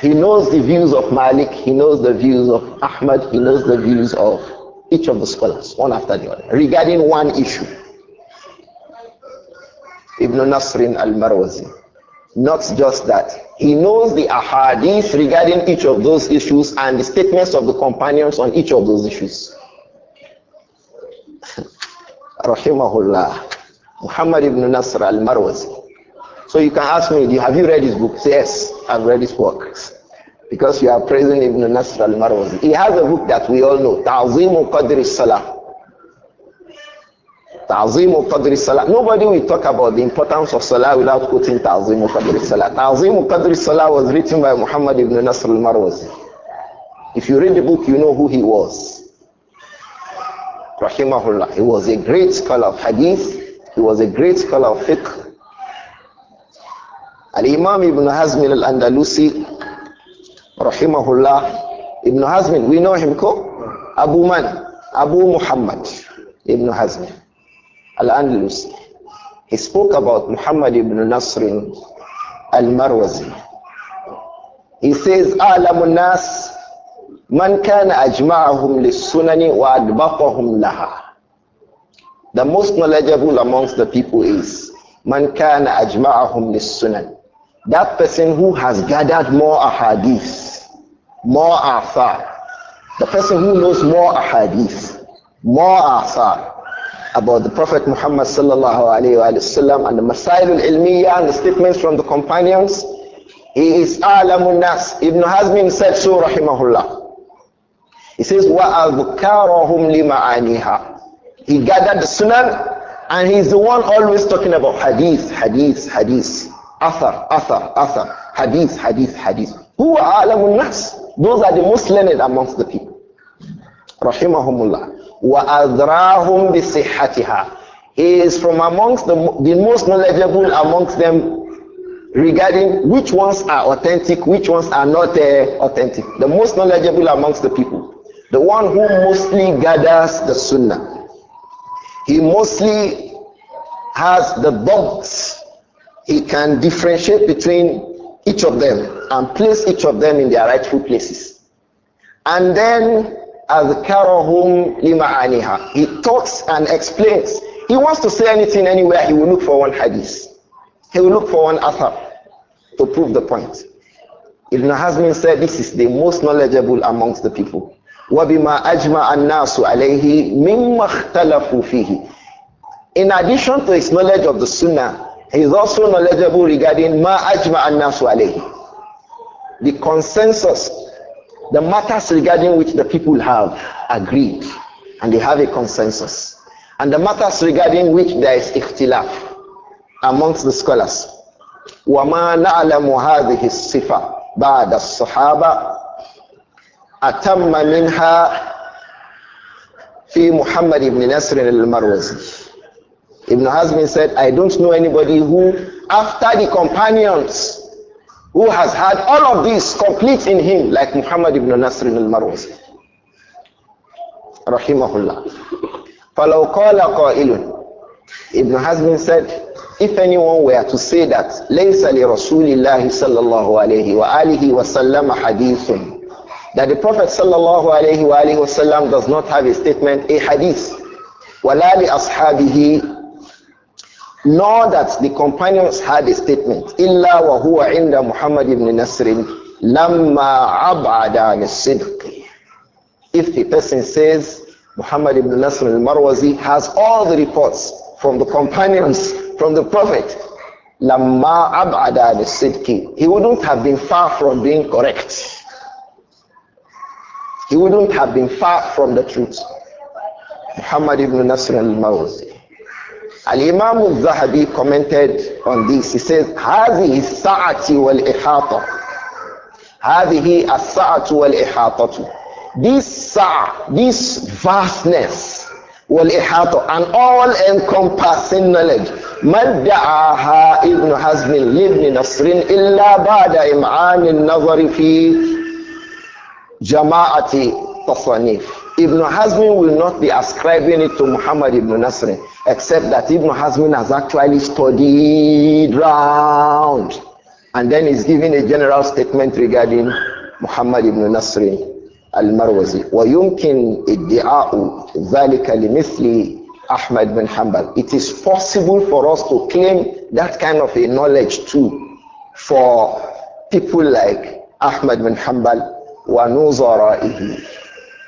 he knows the views of Malik he knows the views of Ahmad he knows the views of each of the scholars one after the other regarding one issue Ibn Nasr al-Marwazi not just that. He knows the ahadith regarding each of those issues and the statements of the companions on each of those issues. Rahimahullah. Muhammad ibn Nasr al-Marwazi. So you can ask me, have you read his book? Say, yes, I've read his works. Because you are praising Ibn Nasr al-Marwazi. He has a book that we all know, Ta'zimu Qadri Salah. تعظيم Qadri Salah. Nobody will talk about the importance of Salah without quoting تعظيم Qadri Salah. تعظيم Qadri Salah was written by Muhammad ibn Nasr al If you read the book, you know who he was. Rahimahullah. He was a great scholar of Hadith. He was a great scholar of Fiqh. Al-Imam ibn الأندلسي al-Andalusi, Rahimahullah. Ibn we know him, ko? Abu Man, Abu Muhammad ibn حزم Al-Andalus, he spoke about Muhammad ibn Nasrin al-Marwazi. He says, أعلم الناس من كان أجمعهم للسنن وأدبقهم لها. The most knowledgeable amongst the people is man kana ajma'ahum lis-sunan. That person who has gathered more ahadith, more athar. The person who knows more ahadith, more athar about the Prophet Muhammad sallallahu alayhi wa and the Masail al-Ilmiyyah and the statements from the companions, he is alamun nas. Ibn Hazm said so, rahimahullah. He says, wa adhkarahum lima'aniha. He gathered the sunan and he's the one always talking about hadith, hadith, hadith. Athar, athar, athar. Hadith, hadith, hadith. Who are alamun nas? Those are the most learned amongst the people. Rahimahumullah. وَأَذْرَاهُمْ بِصِحَّتِهَا He is from amongst the, the most knowledgeable amongst them regarding which ones are authentic, which ones are not uh, authentic. The most knowledgeable amongst the people. The one who mostly gathers the sunnah. He mostly has the dots. He can differentiate between each of them and place each of them in their rightful places. And then أذكرهم لمعانيها. He talks and explains. He wants to say anything anywhere, he will look for one hadith. He will look for one author to prove the point. Ibn Hazm said this is the most knowledgeable amongst the people. وَبِمَا أَجْمَعَ النَّاسُ عَلَيْهِ مِمَّا اخْتَلَفُوا فِيهِ In addition to his knowledge of the Sunnah, he is also knowledgeable regarding مَا أَجْمَعَ النَّاسُ عَلَيْهِ The consensus the matters regarding which the people have agreed and they have a consensus, and the matters regarding which there is ikhtilaf amongst the scholars. وما نعلم هذه الصفة بعد الصحابة أتم منها في محمد بن al المروزي Ibn Hazm said, I don't know anybody who, after the companions, who has had all of this complete in him, like Muhammad ibn Nasr al-Marwazi. Rahimahullah. فَلَوْ قَالَ قَائِلٌ Ibn Hazm said, if anyone were to say that, لَيْسَ لِرَسُولِ اللَّهِ صَلَّى اللَّهُ عَلَيْهِ وَآلِهِ وَسَلَّمَ حَدِيثٌ That the Prophet sallallahu alayhi wa does not have a statement, a hadith. وَلَا لِأَصْحَابِهِ nor that the companions had a statement illa wa huwa inda muhammad ibn nasrin lamma abada if the person says muhammad ibn nasr al-marwazi has all the reports from the companions from the prophet lamma abada sidqi he wouldn't have been far from being correct he wouldn't have been far from the truth muhammad ibn nasr al-marwazi الإمام الذهبي commented on this. He says, هذه السعة والإحاطة هذه السعة والإحاطة This ساعة this vastness والإحاطة an all-encompassing knowledge ما ادعاها ابن حزم لابن نصر إلا بعد إمعان النظر في جماعة تصانيف Ibn Hazmin will not be ascribing it to Muhammad ibn Nasr, except that Ibn Hazmin has actually studied round and then is giving a general statement regarding Muhammad ibn Nasr al-Marwazi. وَيُمْكِنْ إِدِّعَاءُ ذَلِكَ لِمِثْلِ Ahmad bin Hanbal. It is possible for us to claim that kind of a knowledge too for people like Ahmad bin Hanbal wa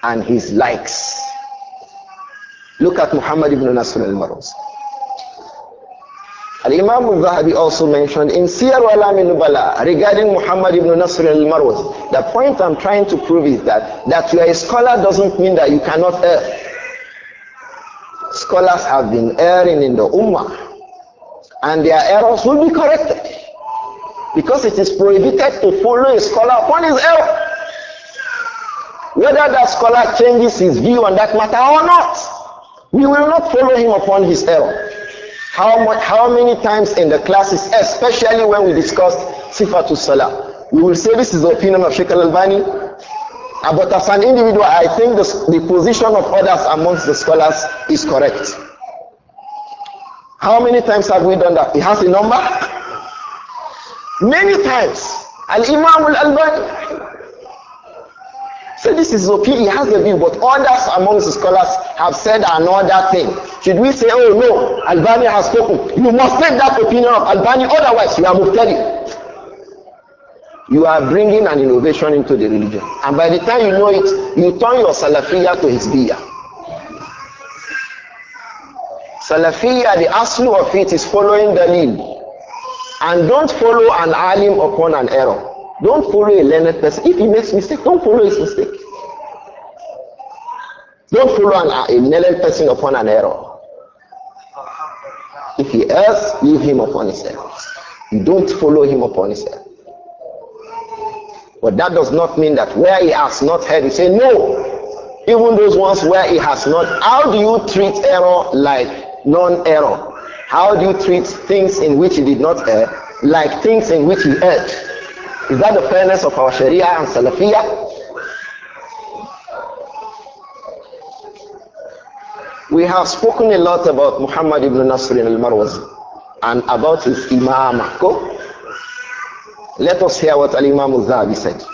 and his likes. Look at Muhammad ibn Nasr al-Maruz. Al-Imam al-Zahabi also mentioned in Siyar wa Alam Nubala regarding Muhammad ibn Nasr al-Maruz. The point I'm trying to prove is that that you are a scholar doesn't mean that you cannot err. Scholars have been erring in the Ummah and their errors will be corrected because it is prohibited to follow a scholar upon his error. Whether that scholar changes his view on that matter or not, we will not follow him upon his error. How, much, how many times in the classes, especially when we discussed to Salah, we will say this is the opinion of Sheikh Al-Albani, but as an individual, I think the, the position of others amongst the scholars is correct. How many times have we done that? It has a number. Many times. Al Imam Al Albani so this is opinion. He has the view, but others among the scholars have said another thing. Should we say, oh no, Albani has spoken? You must take that opinion of Albani, otherwise you are Muftari. You are bringing an innovation into the religion. And by the time you know it, you turn your Salafiyah to Biya. Salafiyah, the aslu of it is following the lead. And don't follow an alim upon an error. Don't follow a learned person. If he makes mistake, don't follow his mistake. Don't follow an, a learned person upon an error. If he errs, leave him upon his You don't follow him upon his error. But that does not mean that where he has not heard, he say no. Even those ones where he has not. How do you treat error like non-error? How do you treat things in which he did not err like things in which he erred? Is that the fairness of our Sharia and Salafiyah? We have spoken a lot about Muhammad ibn Nasr al-Marwazi and about his imam. Let us hear what Al-Imam al-Zahabi said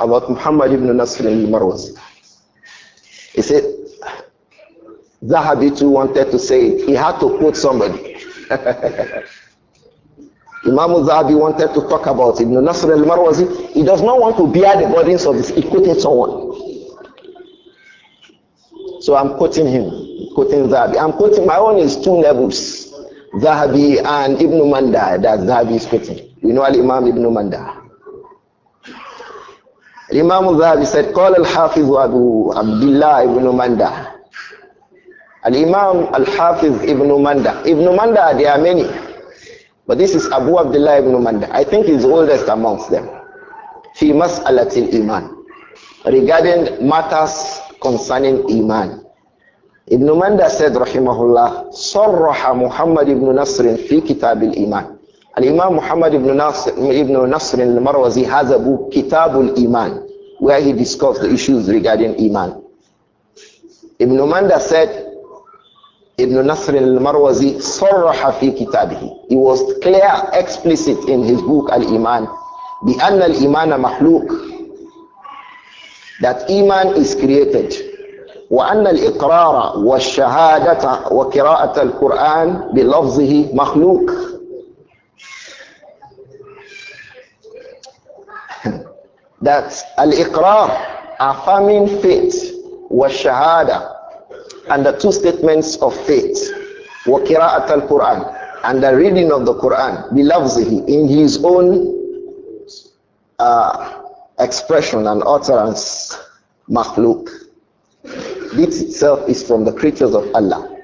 about Muhammad ibn Nasr al-Marwazi. He said, Zahabi too wanted to say it. He had to quote somebody. Imam Zahabi wanted to talk about Ibn Nasr al Marwazi. He does not want to bear the burdens of this. He quoted someone. So I'm quoting him, quoting Zahabi. I'm quoting my own is two levels Zahabi and Ibn Manda that Zahabi is quoting. You know Al Imam Ibn Manda. Imam Zahabi said, Call Al Hafiz Abu Abdullah Ibn Manda. Al Imam Al Hafiz Ibn Manda. Ibn Manda, there are many. But this is Abu Abdullah ibn Manda. I think he's oldest amongst them. Fi mas'alatil iman. Regarding matters concerning iman. Ibn Manda said, rahimahullah, صرح Muhammad ibn Nasr fi kitab al-iman. Al-Imam Muhammad ibn Nasr, ibn Nasr al-Marwazi has a book, Kitab al-Iman, where he discussed the issues regarding iman. Ibn Manda said, Ibn Nasr al-Marwazi صرح في كتابه he was clear explicit in his book Al-Iman anna بأن الإيمان محلوق that iman is created وأن الإقرار والشهادة وقراءة القرآن بلفظه مخلوق that الإقرار affirming faith shahada and the two statements of faith وَقِرَاءَةَ الْقُرْآنِ and the reading of the Quran بِلَفْزِهِ in his own uh, expression and utterance makhluk this itself is from the creatures of Allah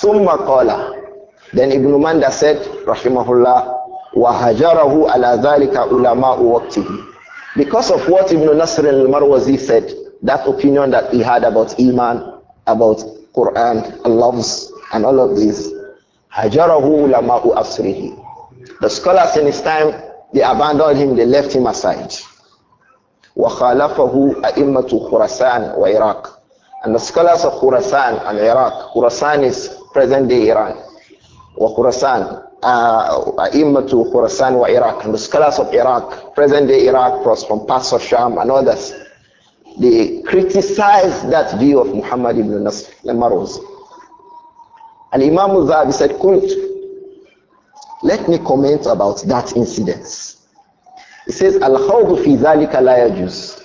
ثُمَّ قَالَ then Ibn Manda said rahimahullah وَهَجَرَهُ عَلَى ذَلِكَ عُلَمَاءُ وَقْتِهِ because of what Ibn Nasr al-Marwazi said that opinion that he had about Iman, about Quran, loves, and all of this. Hajarahu ulama'u asrihi. The scholars in his time, they abandoned him, they left him aside. وخالفه أئمة خراسان وعراق and the scholars of Khurasan and Iraq Khurasan is present day Iran وخراسان أئمة uh, Khurasan wa Iraq and the scholars of Iraq present day Iraq was from parts of Sham and others they criticized that view of Muhammad ibn Nasr al-Marwazi. And Imam al-Zahabi said, Kult, let me comment about that incident. He says, Al-Khawdu fi dhalika la yajuz.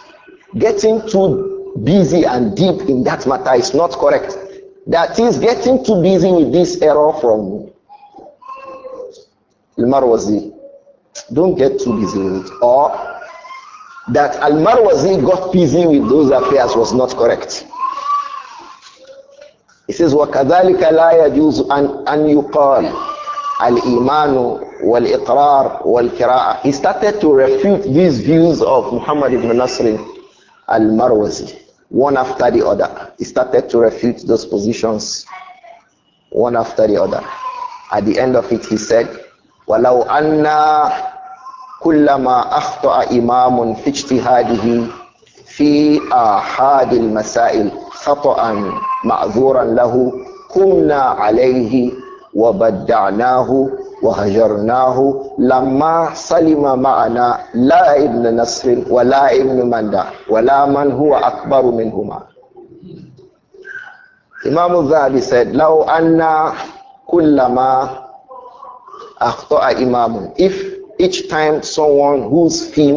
Getting too busy and deep in that matter is not correct. That is, getting too busy with this error from al-Marwazi. Don't get too busy with it. Or that Al Marwazi got busy with those affairs was not correct. He says, وَكَذَلِكَ لَا يَجُوزُ أَنْ, أن يُقَالُ الْإِيمَانُ وَالْإِقْرَارُ وَالْكِرَاءَ He started to refute these views of Muhammad ibn Nasr al-Marwazi, one after the other. He started to refute those positions, one after the other. At the end of it, he said, وَلَوْ أَنَّا كلما أخطأ إمام في اجتهاده في آحاد المسائل خطأ معذورا له كنا عليه وبدعناه وهجرناه لما سلم معنا لا ابن نصر ولا ابن مندى ولا من هو أكبر منهما إمام الذهبي said, لو أن كلما أخطأ إمام If each time someone whose feet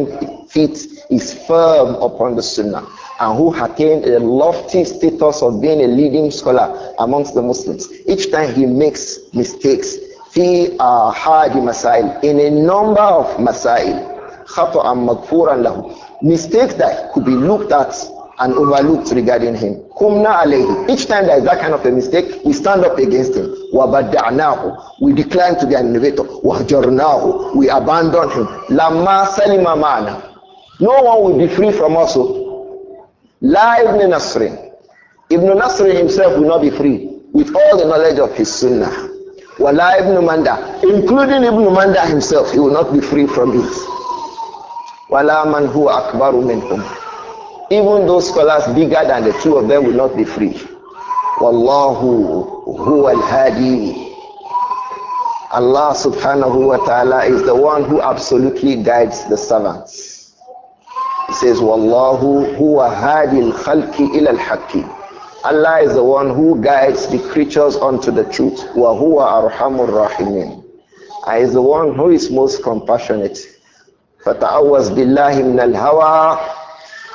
is firm upon the Sunnah and who attained a lofty status of being a leading scholar amongst the Muslims, each time he makes mistakes, في أحد masail. in a number of masail, خطأ مغفورا له mistakes that could be looked at and overlooked regarding him. Kumna alayhi. Each time there is that kind of a mistake, we stand up against him. Wabada'nahu. We decline to be an innovator. Wahjarnahu. We abandon him. Lama salima mana. No one will be free from us. La ibn Nasrin. Ibn Nasrin himself will not be free with all the knowledge of his sunnah. Wala ibn Manda. Including Ibn Manda himself, he will not be free from it. Wala man huwa akbaru minhum. Even those scholars bigger than the two of them will not be free. Wallahu Al hadi. Allah subhanahu wa ta'ala is the one who absolutely guides the servants. He says, Wallahu huwa Al khalki ila al Allah is the one who guides the creatures unto the truth. Wa huwa arhamur rahimin. I is the one who is most compassionate. فَتَعَوَّزْ بِاللَّهِ مِنَ الْهَوَى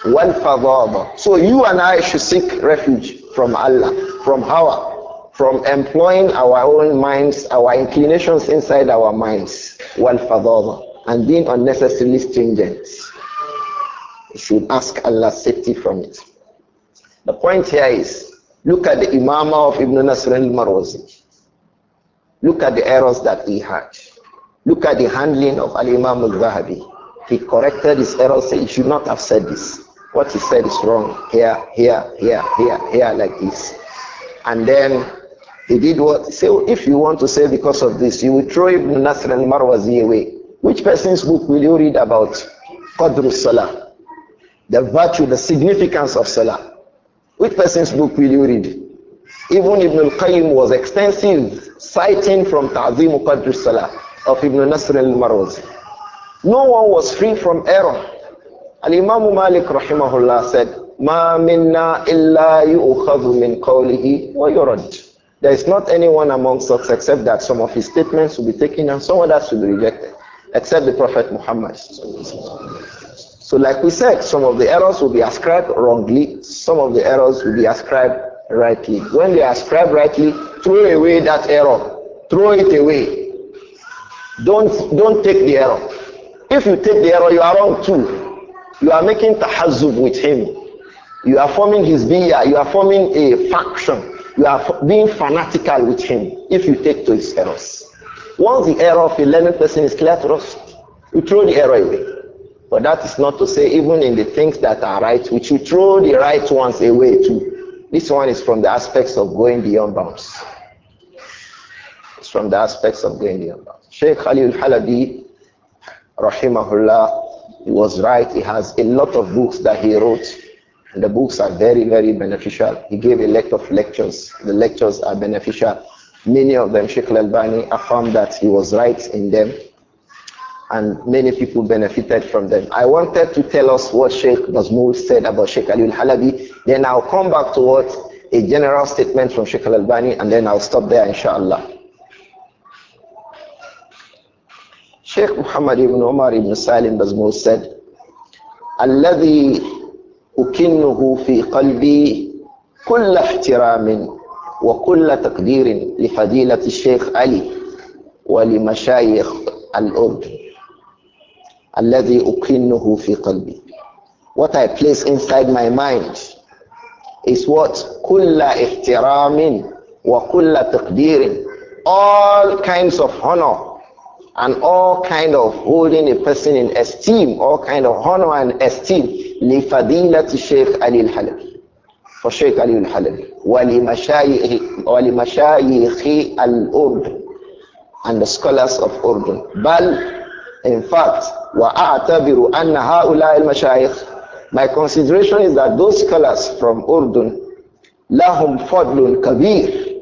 other. So you and I should seek refuge from Allah, from Hawa, from employing our own minds, our inclinations inside our minds, other, and being unnecessarily stringent. You should ask Allah safety from it. The point here is, look at the Imam of Ibn Nasr al-Marwazi. Look at the errors that he had. Look at the handling of Al-Imam al-Zahabi. He corrected his errors, he should not have said this. What he said is wrong. Here, here, here, here, here, like this. And then he did what? He said, if you want to say because of this, you will throw Ibn Nasr and Marwazi away. Which person's book will you read about? Qadru Salah. The virtue, the significance of Salah. Which person's book will you read? Even Ibn al-Qayyim was extensive, citing from Ta'zim Qadru salah of Ibn Nasr al-Marwazi. No one was free from error. Al Imam Malik rahimahullah said, "Ma minna illa yu'khadhu min qawlihi wa yurad." There is not anyone amongst us except that some of his statements will be taken and some others will be rejected, except the Prophet Muhammad. So, like we said, some of the errors will be ascribed wrongly, some of the errors will be ascribed rightly. When they are ascribed rightly, throw away that error, throw it away. Don't don't take the error. If you take the error, you are wrong too. You are making tahazub with him. You are forming his biya. You are forming a faction. You are being fanatical with him if you take to his errors. Once the error of a learned person is clear to us, you throw the error away. But that is not to say even in the things that are right, which you throw the right ones away too. This one is from the aspects of going beyond bounds. It's from the aspects of going beyond bounds. Sheikh Ali al-Halabi, rahimahullah, he was right. He has a lot of books that he wrote. And the books are very, very beneficial. He gave a lot of lectures. The lectures are beneficial. Many of them, Sheikh Al-Bani affirmed that he was right in them. And many people benefited from them. I wanted to tell us what Sheikh Mazmoul said about Sheikh Ali al-Halabi. Then I'll come back to what a general statement from Sheikh Al-Albani and then I'll stop there inshallah. Sheikh Muhammad ibn Umar ibn Salim Bazmul said, الذي أكنه في قلبي كل احترام وكل تقدير لفضيلة الشيخ علي ولمشايخ الأردن الذي أكنه في قلبي What I place inside my mind is what كل احترام وكل تقدير all kinds of honor and all kind of holding a person in esteem, all kind of honor and esteem. لفضيلة الشيخ علي الحلبي for Sheikh Ali al-Halabi وَلِمَشَايِخِ al-Urdun and the scholars of Urdun بل in fact وَأَعْتَبِرُ أَنَّ هَؤُلَاءِ الْمَشَايِخ my consideration is that those scholars from Urdun لَهُمْ فَضْلٌ كَبِيرٌ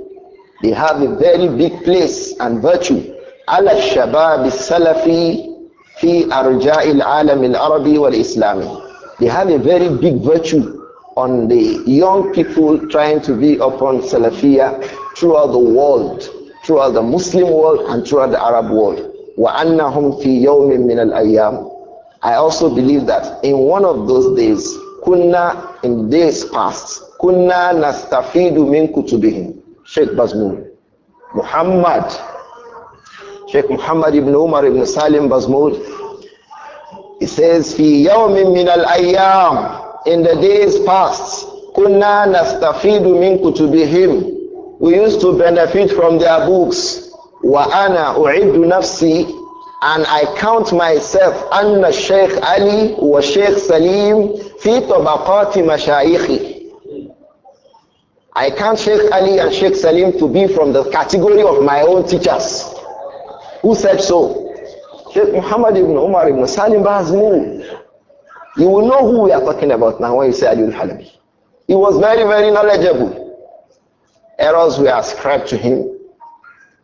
they have a very big place and virtue على الشباب السلفي في أرجاء العالم العربي والإسلامي. They have a very big virtue on the young people trying to be upon Salafia throughout the world, throughout the Muslim world and throughout the Arab world. وَأَنَّهُمْ فِي يَوْمٍ مِّنَ الْأَيَّامِ I also believe that in one of those days, kunna in days past, kunna nastafidu min kutubihim. Sheikh Basmul. Muhammad Sheikh Muhammad ibn Umar ibn Salim Basmud. He says, في يوم من الأيام in the days past كنا نستفيد من كتبهم we used to benefit from their books وأنا أعد نفسي and I count myself أن الشيخ علي والشيخ سليم في طبقات مشايخي I count Sheikh Ali and Sheikh Salim to be from the category of my own teachers. Who said so? Said Muhammad ibn Umar ibn Salim Bazmul. You will know who we are talking about now when you say al Halabi. He was very, very knowledgeable. Errors were ascribed to him,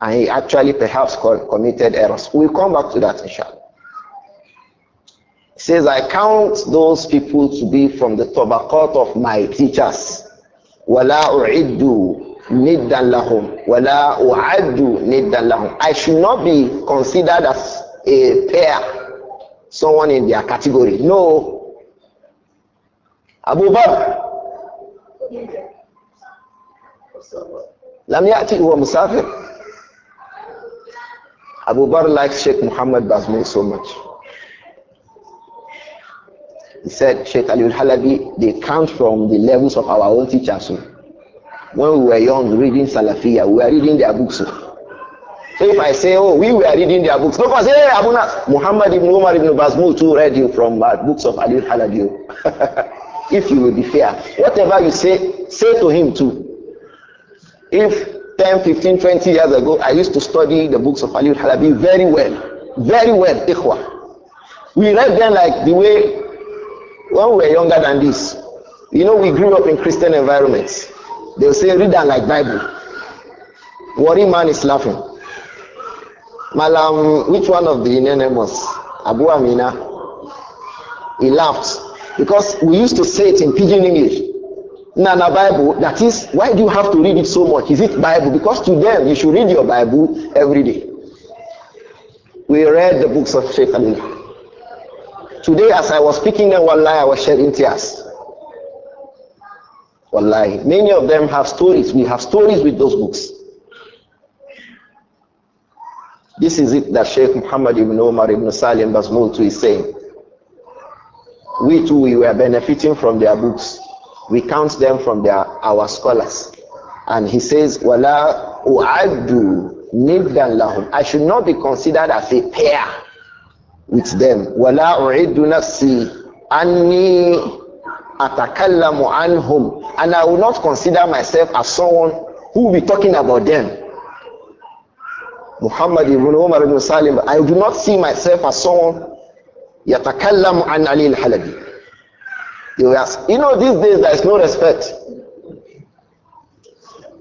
and he actually perhaps committed errors. We'll come back to that, inshallah. He says, I count those people to be from the tabaqat of my teachers niddan lahum wala u'addu niddan lahum i should not be considered as a pair someone in their category no abu bakr لم يأتي هو مسافر Abu Bakr likes Sheikh Muhammad Basmi so much he said Sheikh Ali al-Halabi they come from the levels of our own teachers so when we were young reading Salafia, we were reading their books. So if I say, oh, we were reading their books, no one say, hey, Abu Muhammad ibn Umar ibn Basmul too read you from uh, books of Ali Haladi. if you will be fair, whatever you say, say to him too. If 10, 15, 20 years ago, I used to study the books of Ali Halabi very well, very well, ikhwa. We read them like the way when we were younger than this. You know, we grew up in Christian environments. They will say, read that like Bible. Worry man is laughing. Malam, which one of the Indian was? Abu Amina. He laughed because we used to say it in pidgin English. Nana Bible, that is, why do you have to read it so much? Is it Bible? Because to them, you should read your Bible every day. We read the books of Sheikh Ali. Today, as I was speaking, and one lie, I was shedding tears. Wallahi. Many of them have stories. We have stories with those books. This is it that Sheikh Muhammad ibn Umar ibn Salim Basmul is saying. We too, we were benefiting from their books. We count them from their our scholars. And he says, Wala u'addu nibdan lahum. I should not be considered as a pair with them. Wala u'iddu nafsi anni atakallamu anhum and I will not consider myself as someone who will be talking about them. Muhammad ibn Umar ibn Salim, I do not see myself as someone yatakallamu an Ali al-Halabi. You, ask, you know, these days there is no respect.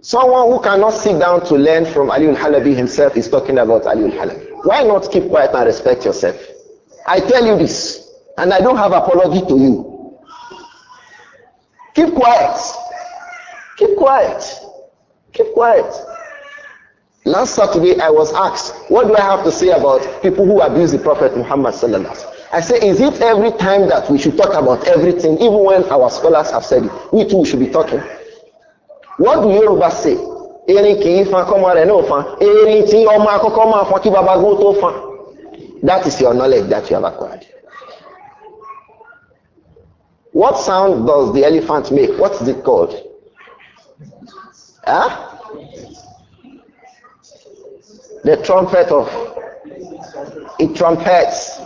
Someone who cannot sit down to learn from Ali al-Halabi himself is talking about Ali al-Halabi. Why not keep quiet and respect yourself? I tell you this, and I don't have apology to you. Keep quiet. Keep quiet. Keep quiet. Last Saturday, I was asked, What do I have to say about people who abuse the Prophet Muhammad? I say, Is it every time that we should talk about everything, even when our scholars have said it? We too should be talking. What do Yoruba say? í tó fan that is your knowledge that you have acquired what sound does the elephant make? What's it called? Huh? The trumpet of it trumpets.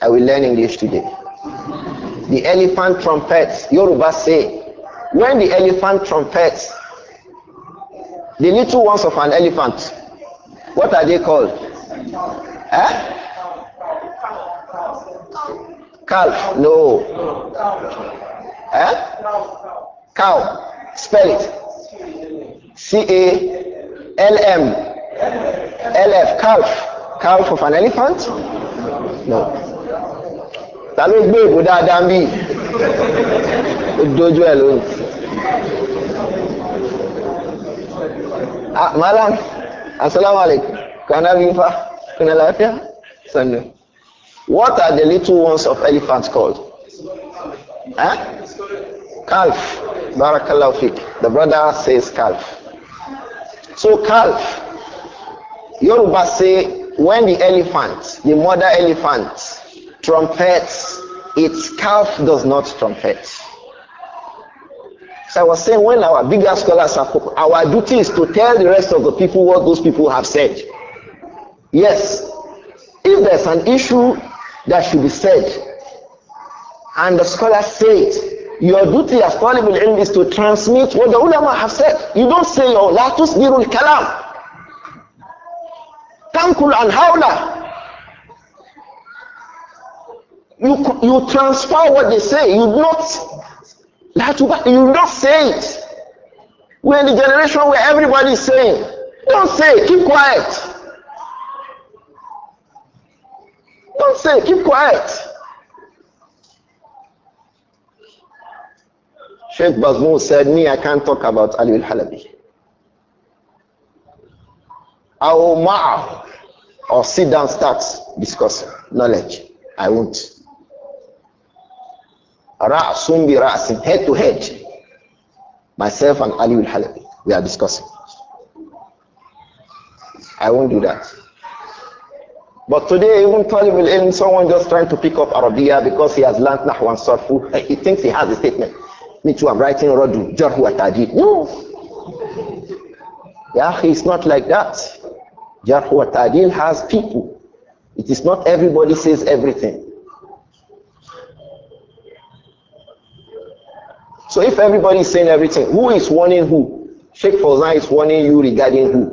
I will learn English today. The elephant trumpets. Yoruba say, when the elephant trumpets, the little ones of an elephant, what are they called? Huh? Calf. No. Eh? Cow. Spell it. C A L M. L F. Calf. Calf of an elephant? No. Ta ló gbé ìbò dáadáa ń bí? Ó dojú ẹ̀ lónìí. Ah, Malam, asalaamualeykum. Kọ́nà bí fa, kọ́nà láfíà, sọ̀nù. What are the little ones of elephants called? Huh? Calf. The brother says calf. So calf. Yoruba say when the elephant, the mother elephant, trumpets, its calf does not trumpet. So I was saying when our bigger scholars are our duty is to tell the rest of the people what those people have said. Yes, if there's an issue that should be said. And the scholar said, your duty as talib al is to transmit what the ulama have said. You don't say, your oh, latus tusdirul kalam. Tankul al hawla. You, you transfer what they say. You not, you not say it. We're in the generation where everybody is saying, don't say it, keep quiet. Don't say, keep quiet. Sheikh Bazmou said, Me, I can't talk about Ali al Halabi. I will ma'ah or sit down, start discussing knowledge. I won't. Ra'sun bi ra'sin, head to head. Myself and Ali al Halabi, we are discussing. I won't do that. But today, even Talib al someone just trying to pick up Arabia because he has learned Nahwan and Sarfu, he thinks he has a statement. Me too, I'm writing Radu, Jarhu Atadid. No. Yeah, he's not like that. Jarhu Atadil has people. It is not everybody says everything. So if everybody is saying everything, who is warning who? Sheikh Fawzan is warning you regarding who?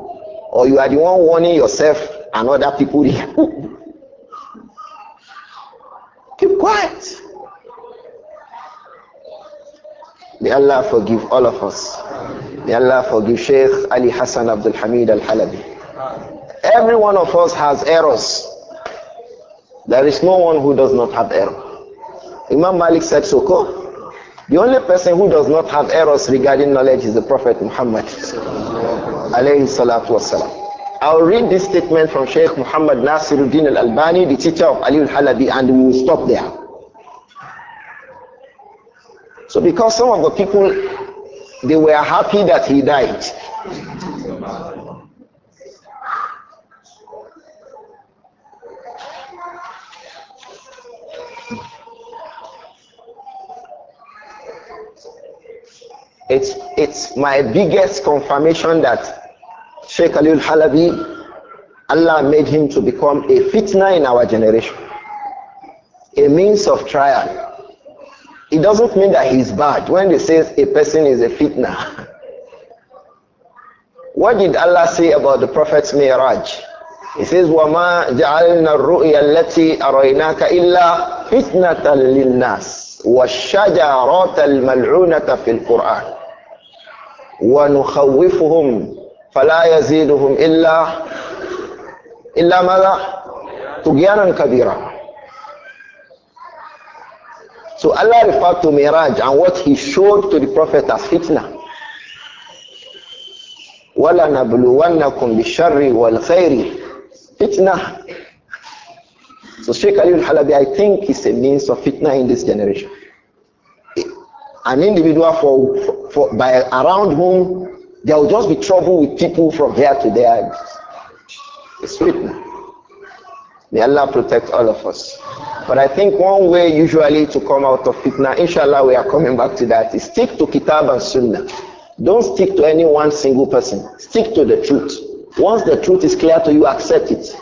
Or you are the one warning yourself and other people keep quiet may allah forgive all of us may allah forgive sheikh ali hassan abdul hamid al-halabi every one of us has errors there is no one who does not have error imam malik said so The only person who does not have errors regarding knowledge is the Prophet Muhammad. alayhi salatu wasalam. I'll read this statement from Sheikh Muhammad Nasiruddin al Albani, the teacher of Ali al Halabi, and we will stop there. So, because some of the people they were happy that he died. It's, it's my biggest confirmation that Sheikh Ali al-Halabi, Allah made him to become a fitna in our generation, a means of trial. It doesn't mean that he's bad when they say a person is a fitna. what did Allah say about the Prophet's Miraj? He says, وَمَا جَعَلْنَا الرُّؤْيَا الَّتِي أَرَيْنَاكَ إِلَّا فِتْنَةً لِلنَّاسِ وَالشَّجَرَةَ الْمَلْعُونَةَ فِي الْقُرْآنِ وَنُخَوِّفُهُمْ فلا يزيدهم إلا إلا ماذا طغيانا كبيرا So Allah referred to Miraj and what he showed to the Prophet as fitna. وَلَنَبْلُوَنَّكُمْ بِالشَّرِّ وَالْخَيْرِ Fitna. So Sheikh Ali al-Halabi, I think is a means of fitna in this generation. An individual for, for by around whom There will just be trouble with people from here to there. It's written. May Allah protect all of us. But I think one way usually to come out of fitna, inshallah, we are coming back to that, is stick to kitab and sunnah. Don't stick to any one single person. Stick to the truth. Once the truth is clear to you, accept it.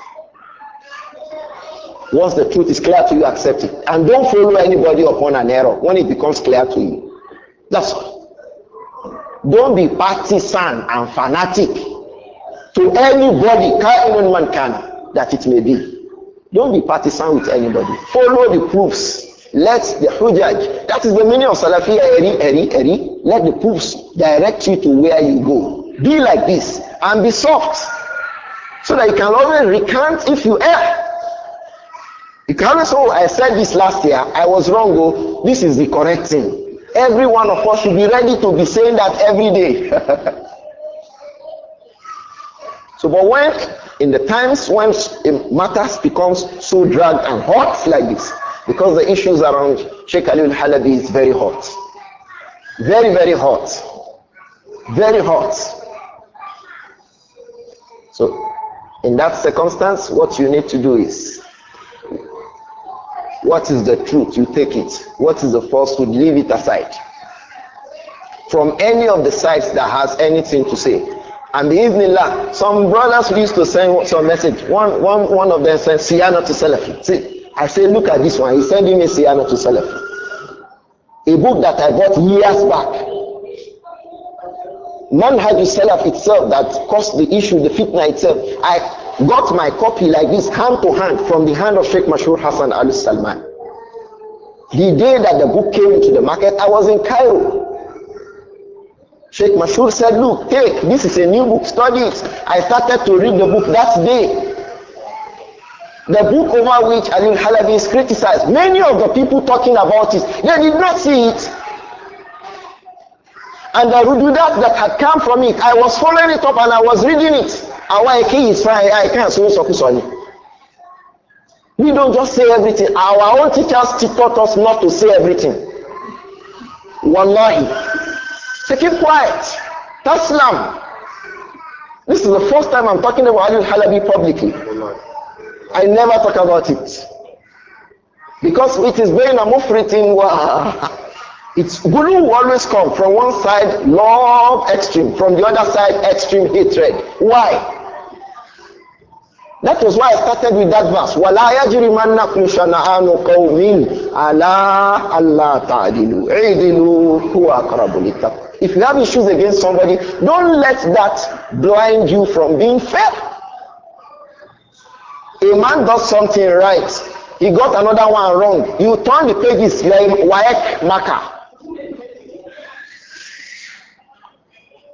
Once the truth is clear to you, accept it. And don't follow anybody upon an error when it becomes clear to you. That's all. Don't be partisan and fanatic to anybody, Ka'inun man can, that it may be. Don't be partisan with anybody. Follow the proofs. Let the judge. that is the meaning of Salafi, eri, eri, eri. Let the proofs direct you to where you go. Be like this and be soft so that you can always recant if you err. You can always, oh, I said this last year, I was wrong, oh, this is the correct thing. Every one of us should be ready to be saying that every day. so, but when in the times when matters becomes so dragged and hot like this, because the issues around Sheikh Ali al-Halabi is very hot, very very hot, very hot. So, in that circumstance, what you need to do is what is the truth? You take it. What is the falsehood? Leave it aside. From any of the sites that has anything to say. And the evening la, some brothers used to send some message. One, one, one of them sent Siyana to Salafi. See, I say, look at this one. He sent me Siyana to Salafi. A book that I bought years back. Manhaj Salaf itself that caused the issue, the fitna itself. I got my copy like this, hand to hand, from the hand of Sheikh Mashur Hassan Al Salman. The day that the book came into the market, I was in Cairo. Sheikh Mashur said, Look, take, this is a new book, study it. I started to read the book that day. The book over which Alim Halabi is criticized, many of the people talking about it, they did not see it. And the rududat that had come from it, I was following it up and I was reading it. àwa èké yìí sáà àìká ìṣòro sọkúsọ ni we don't just say everything our own teachers taught us not to say everything wallahi take keep quiet taslam this is the first time i'm talking about Ali Halabi publicly i never talk about it because it is very amufritin wa it's guru always come from one side love extreme from the other side extreme hatred why That was why I started with that verse. وَلَا يَجْرِمَنَّكُمْ شَنَآنُ قَوْمٍ عَلَىٰ أَلَّا تَعْدِلُوا عِدِلُوا هُوَ أَقْرَبُ لِلتَّقْوَى If you have issues against somebody, don't let that blind you from being fair. A man does something right. He got another one wrong. You turn the pages, you are Waek marker.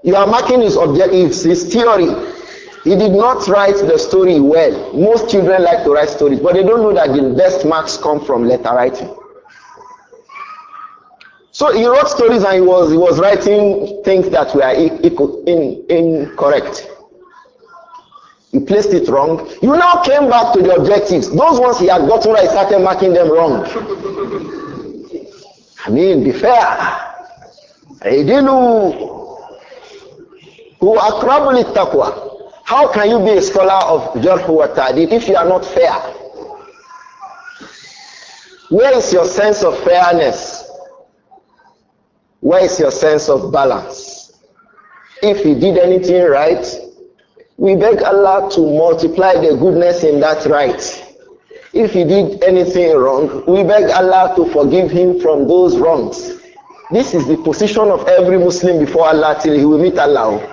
You are marking his objectives, his theory. He did not write the story well. Most children like to write stories, but they don't know that the best marks come from letter writing. So he wrote stories and he was, he was writing things that were incorrect. He placed it wrong. You now came back to the objectives. Those ones he had gotten right started marking them wrong. I mean, be fair. Who are taqwa. How can you be a scholar of Jarh Tadi if you are not fair? Where is your sense of fairness? Where is your sense of balance? If he did anything right, we beg Allah to multiply the goodness in that right. If he did anything wrong, we beg Allah to forgive him from those wrongs. This is the position of every Muslim before Allah till he will meet Allah.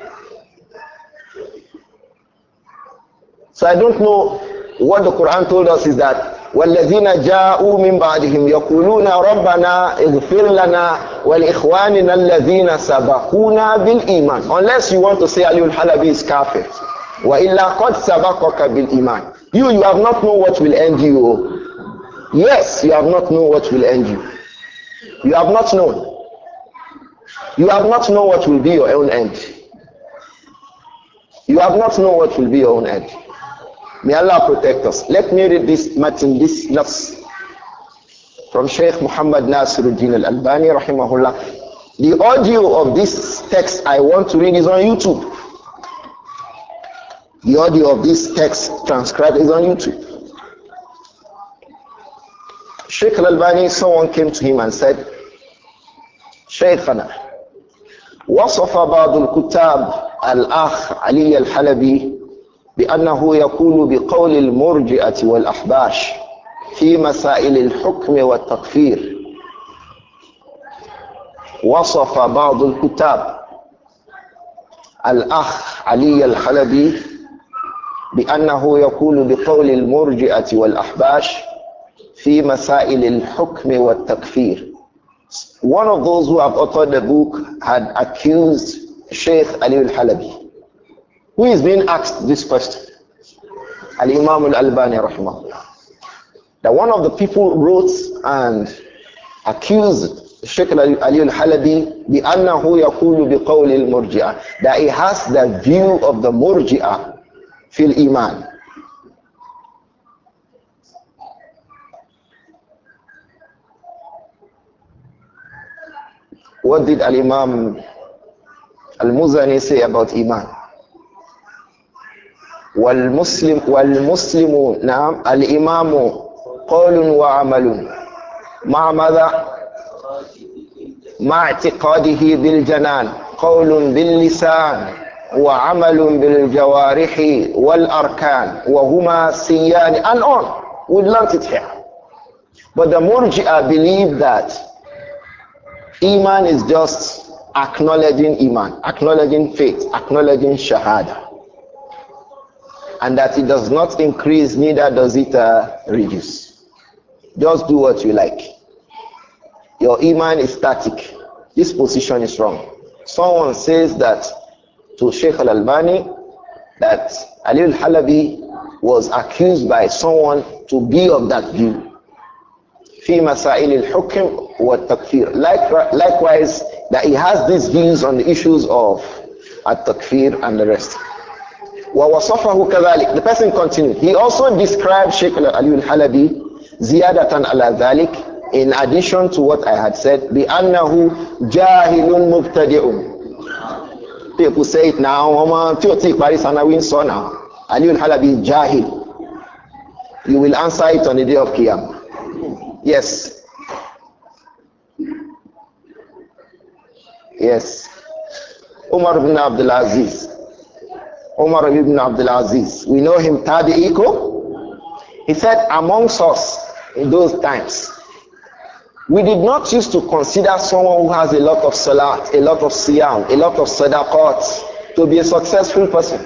So I don't know what the Quran told us is that والذين جاءوا من بعدهم يقولون ربنا اغفر لنا ولإخواننا الذين سبقونا بالإيمان unless you want to say Ali al-Halabi is kafir وإلا قد سبقك بالإيمان you you have not known what will end you yes you have not known what will end you you have not known you have not known what will be your own end you have not known what will be your own end May Allah protect us. Let me read this matin, this nas from Sheikh Muhammad Nasiruddin Al Albani, rahimahullah. The audio of this text I want to read is on YouTube. The audio of this text transcribed is on YouTube. Sheikh Al Albani, someone came to him and said, شيخنا وصف بعض الكتاب الأخ علي الحلبي بأنه يكون بقول المرجئة والأحباش في مسائل الحكم والتكفير وصف بعض الكتاب الأخ علي الحلبي بأنه يكون بقول المرجئة والأحباش في مسائل الحكم والتكفير One of those who have authored the book had accused Sheikh Ali al-Halabi Who is being asked this question? Al Imam Al Albani, That one of the people wrote and accused Sheikh Ali Al Halabi بأنه يقول بقول murjia that he has the view of the murji'ah fil iman. What did Al Imam Al Muzani say about iman? والمسلم والمسلم نعم الإمام قول وعمل مع ماذا مع اعتقاده بالجنان قول باللسان وعمل بالجوارح والأركان وهما سيان and on we learned it here but the Murji'ah believe that Iman is just acknowledging Iman acknowledging faith acknowledging Shahada and that it does not increase, neither does it uh, reduce. Just do what you like. Your iman is static. This position is wrong. Someone says that to Sheikh Al Albani that Ali Al Halabi was accused by someone to be of that view. في مسائل الحكم والتكفير likewise that he has these views on the issues of at-takfir and the rest وَوَصَفَهُ كَذَلِكَ The person continued. He also described Sheikh Ali al-Halabi زِيَادَةً عَلَى ذَلِكَ in addition to what I had said بِأَنَّهُ جَاهِلٌ مُبْتَدِئٌ People say it now, ọmọ tí o ti parí sanawin sọ now. Ali al-Halabi jahil. You will answer it on the day of Qiyam. Yes. Yes. Umar ibn Abdul Aziz. Umar ibn Abdul Aziz. We know him, Tabi'iko. He said, amongst us in those times, we did not used to consider someone who has a lot of salat, a lot of siyam, a lot of sadaqat to be a successful person.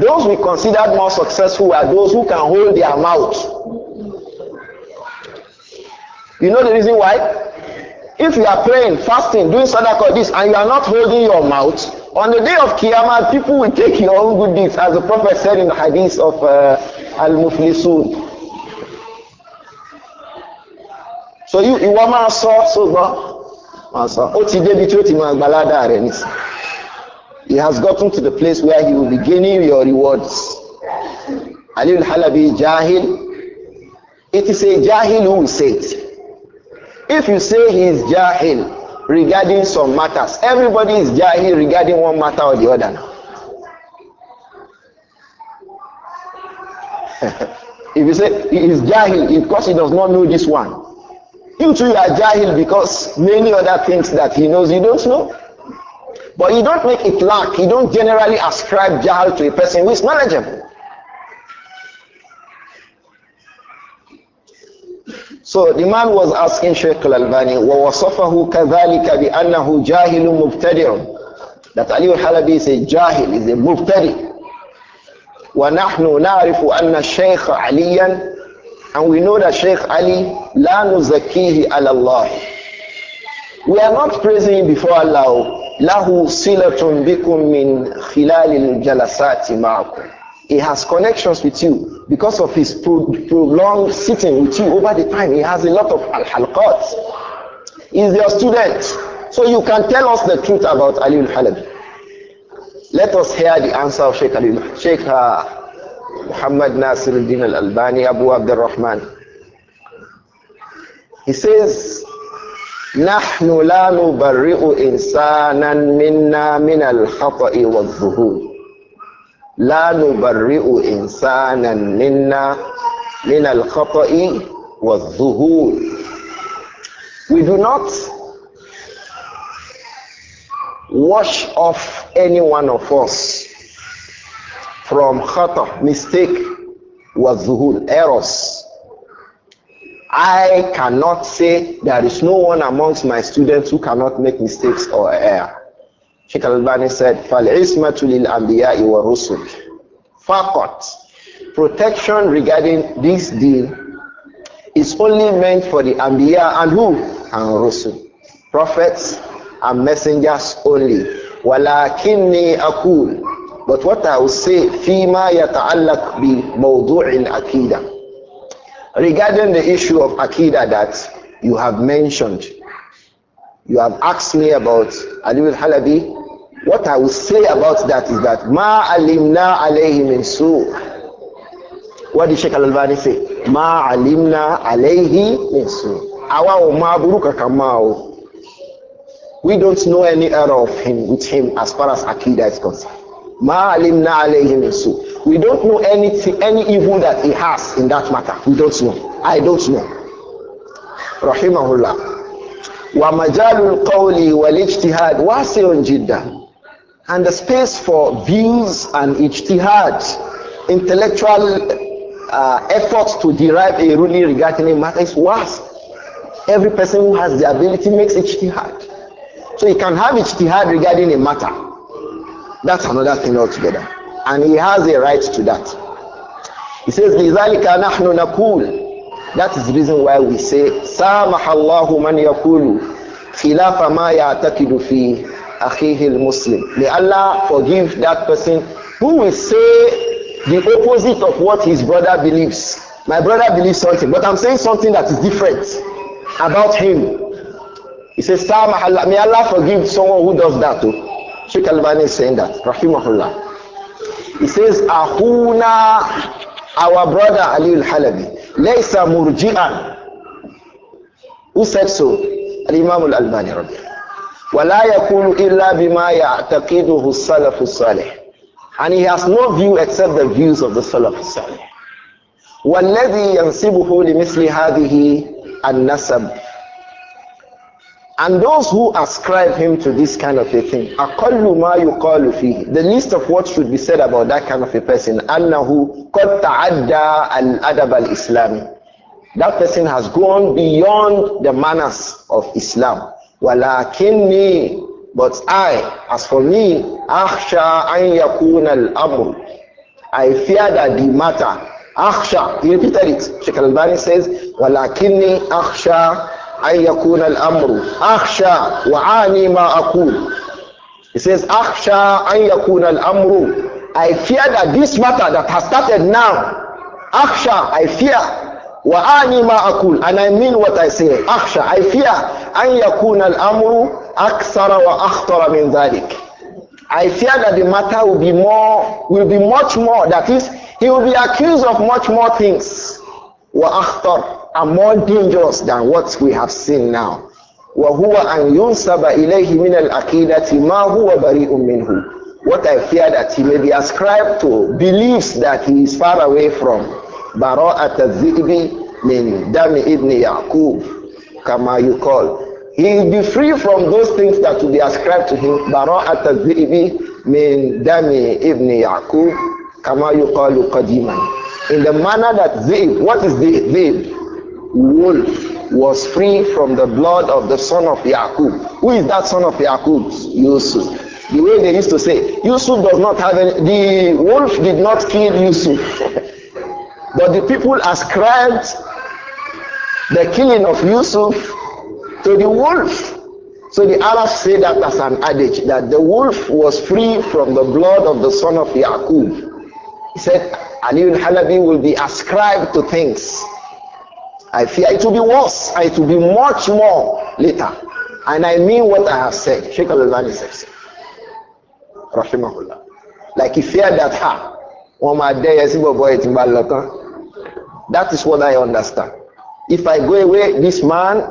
Those we considered more successful are those who can hold their mouth. You know the reason why? If you are praying, fasting, doing sadaqah, this, and you are not holding your mouth, on the day of Qiyamah, people will take your own good deeds, as the Prophet said in the hadith of uh, Al Muflisun. So you ìwọ máa sọ ṣùgbọ́n sọ ó ti débi tí ó ti o ti He has gotten to the place where he will be gaining your rewards. Ali halabi Jahil. It is a Jahil who will say it. If you say he is Jahil, regarding some matters. Everybody is jahil regarding one matter or the other now. if you say he is jahil because he does not know this one, you too are jahil because many other things that he knows you don't know. But you don't make it lack, you don't generally ascribe jahil to a person who is knowledgeable. So the man was asking Shaykh al-Albani, وَوَصَفَهُ كَذَلِكَ بِأَنَّهُ جَاهِلٌ مُبْتَدِعٌ That Ali al-Halabi is a jahil, is a mubtadi. وَنَحْنُ نَعْرِفُ أَنَّ الشَّيْخَ عَلِيًّا And we know that Shaykh Ali, لَا نُزَكِّيهِ عَلَى اللَّهِ We are not praising him before Allah. لَهُ صِلَةٌ بِكُم مِّن خِلَالِ الْجَلَسَاتِ مَعَكُمْ he has connections with you because of his pro- prolonged sitting with you over the time. He has a lot of al-halqat. He's your student. So you can tell us the truth about Ali al-Halabi. Let us hear the answer of Sheikh Ali, Sheikh uh, Muhammad Nasiruddin al-Albani, Abu Abdul Rahman. He says, نحن لا نبرئ إنسانا منا من الخطأ والذهول لا نبرئ إنسانا منا من الخطأ والظهور We do not wash off any one of us from khata, mistake, wazuhul, errors. I cannot say there is no one amongst my students who cannot make mistakes or err. Sheikh Al-Albani said, فَالْعِسْمَةُ لِلْأَنْبِيَاءِ وَالرُّسُلِ فَقَط Protection regarding this deal is only meant for the Anbiya and who? And Rusul. Prophets and messengers only. وَلَكِنِّي أَقُولُ But what I will say, فِيمَا يَتَعَلَّقْ بِمَوْضُوعِ الْأَكِيدَ Regarding the issue of Akida that you have mentioned, you have asked me about Ali al Halabi. What I will say about that is that Ma alimna alayhi min su. What did Sheikh Al Albani say? Ma alimna alayhi min su. Awa ma kamao. We don't know any error of him with him as far as Akida is concerned. Ma alimna alayhi min su. We don't know anything, any evil that he has in that matter. We don't know. I don't know. Rahimahullah. وَمَجَالُ الْقَوْلِ وَالْإِجْتِهَادِ وَاسِعٌ جِدًّا And the space for views and ijtihad, intellectual uh, efforts to derive a ruling regarding a matter is vast. Every person who has the ability makes ijtihad. So he can have ijtihad regarding a matter. That's another thing altogether. And he has a right to that. He says, لِذَلِكَ نَحْنُ that is the reason why we say, سامح الله من يقول خلاف ما يعتقد في أخيه المسلم. May Allah forgive that person who will say the opposite of what his brother believes. My brother believes something, but I'm saying something that is different about him. He says, سامح الله. May Allah forgive someone who does that. Too. Sheikh Albani is saying that. Rahimahullah. He says, Ahuna Our brother Ali al-Halabi, ليس مرجئا. Who said so? Al-Imam al-Albani ولا يقول إلا بما يعتقده السلف الصالح and he has no view except the views of the Salaf الصالح والذي ينسبه لمثل هذه النسب And those who ascribe him to this kind of a thing, the list of what should be said about that kind of a person, أنه قد adab al-Islam. That person has gone beyond the manners of Islam. ولكني but I, as for me, akhsha an yakun al I fear that the matter, akhsha, he repeated it. Sheikh al-Bani says, walakinni akhsha أن يكون الأمر أخشى وعاني ما أقول he says أخشى أن يكون الأمر I fear that this matter that has started now أخشى I fear وعاني ما أقول and I mean what I say أخشى I fear أن يكون الأمر أكثر وأخطر من ذلك I fear that the matter will be more will be much more that is he will be accused of much more things وأخطر are more dangerous than what we have seen now. وهو أن ينسب إليه من العقيدة ما هو بريء منه. What I fear that he may be ascribed to beliefs that he is far away from. براءة الذئب من دم ابن يعقوب كما يقال. He will be free from those things that will be ascribed to him. براءة الذئب من دم ابن يعقوب كما يقال قديما. In the manner that ذئب, what is wolf was free from the blood of the son of Yaqub. Who is that son of Yaqub? Yusuf. The way they used to say, Yusuf does not have any, the wolf did not kill Yusuf. but the people ascribed the killing of Yusuf to the wolf. So the Arabs say that as an adage, that the wolf was free from the blood of the son of Yaqub. He said, Ali al-Halabi will be ascribed to things I fear it will be worse. It will be much more later. And I mean what I have said. Sheikh Al-Albani says. Rahimahullah. Like he feared that ha. One day, I see boy it That is what I understand. If I go away, this man,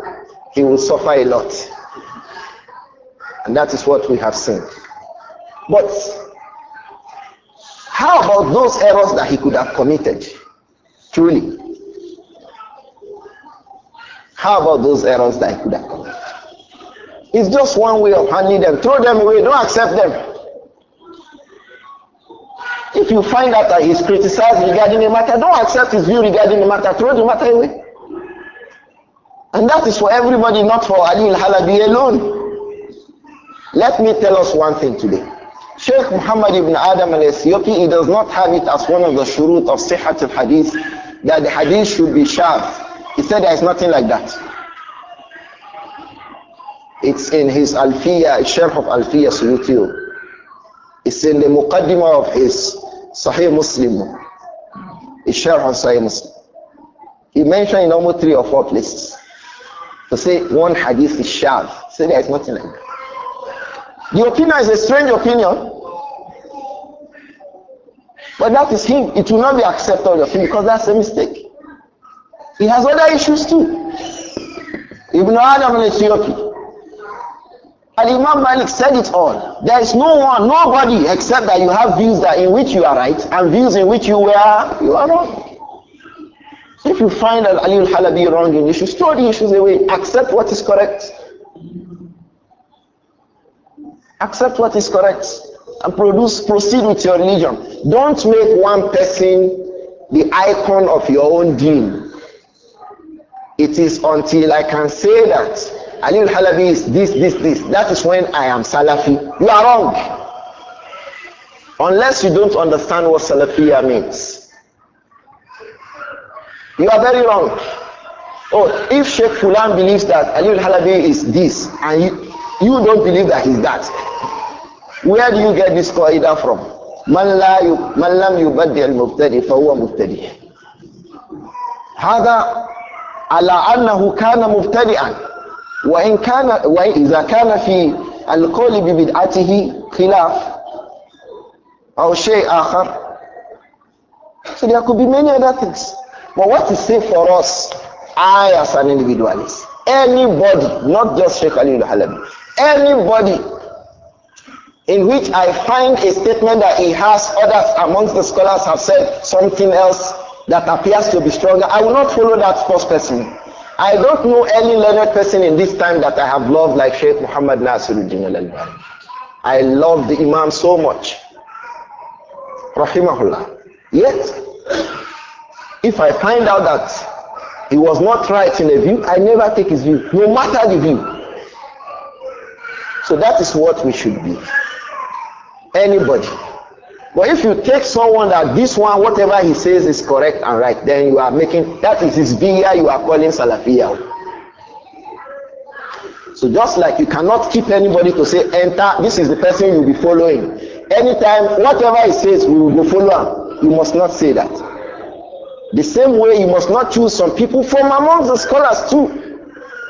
he will suffer a lot. And that is what we have seen. But how about those errors that he could have committed? Truly. How about those errors that I could have committed? It's just one way of handling them. Throw them away. Don't accept them. If you find out that he's criticized regarding the matter, don't accept his view regarding the matter. Throw the matter away. And that is for everybody, not for Ali al-Halabi alone. Let me tell us one thing today. Sheikh Muhammad ibn Adam al-Ethiopi, he does not have it as one of the shurut of Sihat al-Hadith that the hadith should be sharp. He said there is nothing like that. It's in his Alfiya, Sharh of Alfiya Suyuti. It's in the Muqaddimah of his Sahih Muslim. His Sharh of Sahih Muslim. He mentioned in almost three or four places. To say one hadith is shad. Say there is nothing like that. The opinion is a strange opinion. But that is him. It will not be accepted of him because that's a mistake. He has other issues too. Ibn Adam al Ethiopian. Al Imam Malik said it all. There is no one, nobody, except that you have views that in which you are right and views in which you were you are wrong. If you find that Ali al Halabi wrong, you should throw the issues away. Accept what is correct. Accept what is correct and produce proceed with your religion. Don't make one person the icon of your own deen. It is until I can say that Ali al-Halabi is this, this, this. That is when I am Salafi. You are wrong. Unless you don't understand what Salafiyah means. You are very wrong. Oh, if Sheikh Fulan believes that Ali al-Halabi is this and you, you don't believe that he's that, where do you get this qaida from? Man, la man lam yubaddi al-mubtadi fa هذا على أنه كان مبتدئا وإن كان وإذا كان في القول ببدعته خلاف أو شيء آخر So there could be many other things. But what is safe for us, I as an individualist, anybody, not just Sheikh Ali al-Halabi, anybody in which I find a statement that he has others amongst the scholars have said something else that appears to be stronger, I will not follow that first person. I don't know any learned person in this time that I have loved like Sheikh Muhammad Nasiruddin al I love the Imam so much. Rahimahullah. Yet, if I find out that he was not right in a view, I never take his view, no matter the view. So that is what we should be. Anybody but if you take someone that this one, whatever he says is correct and right, then you are making that is his biya you are calling salafiyah. So just like you cannot keep anybody to say enter, this is the person you'll be following. Anytime, whatever he says, we will go follow him. You must not say that. The same way you must not choose some people from among the scholars too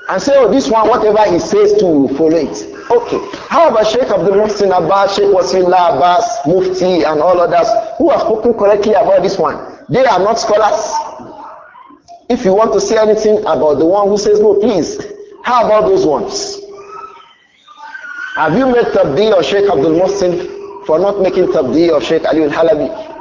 and say, oh, this one, whatever he says to you, follow it. Okay. However, Sheikh Abdul Muhsin Abbas, Sheikh Wasila Abbas, Mufti, and all others who have spoken correctly about this one, they are not scholars. If you want to say anything about the one who says no, please, how about those ones? Have you made tabdi or Sheikh Abdul Muhsin for not making tabdi or Sheikh Ali al-Halabi?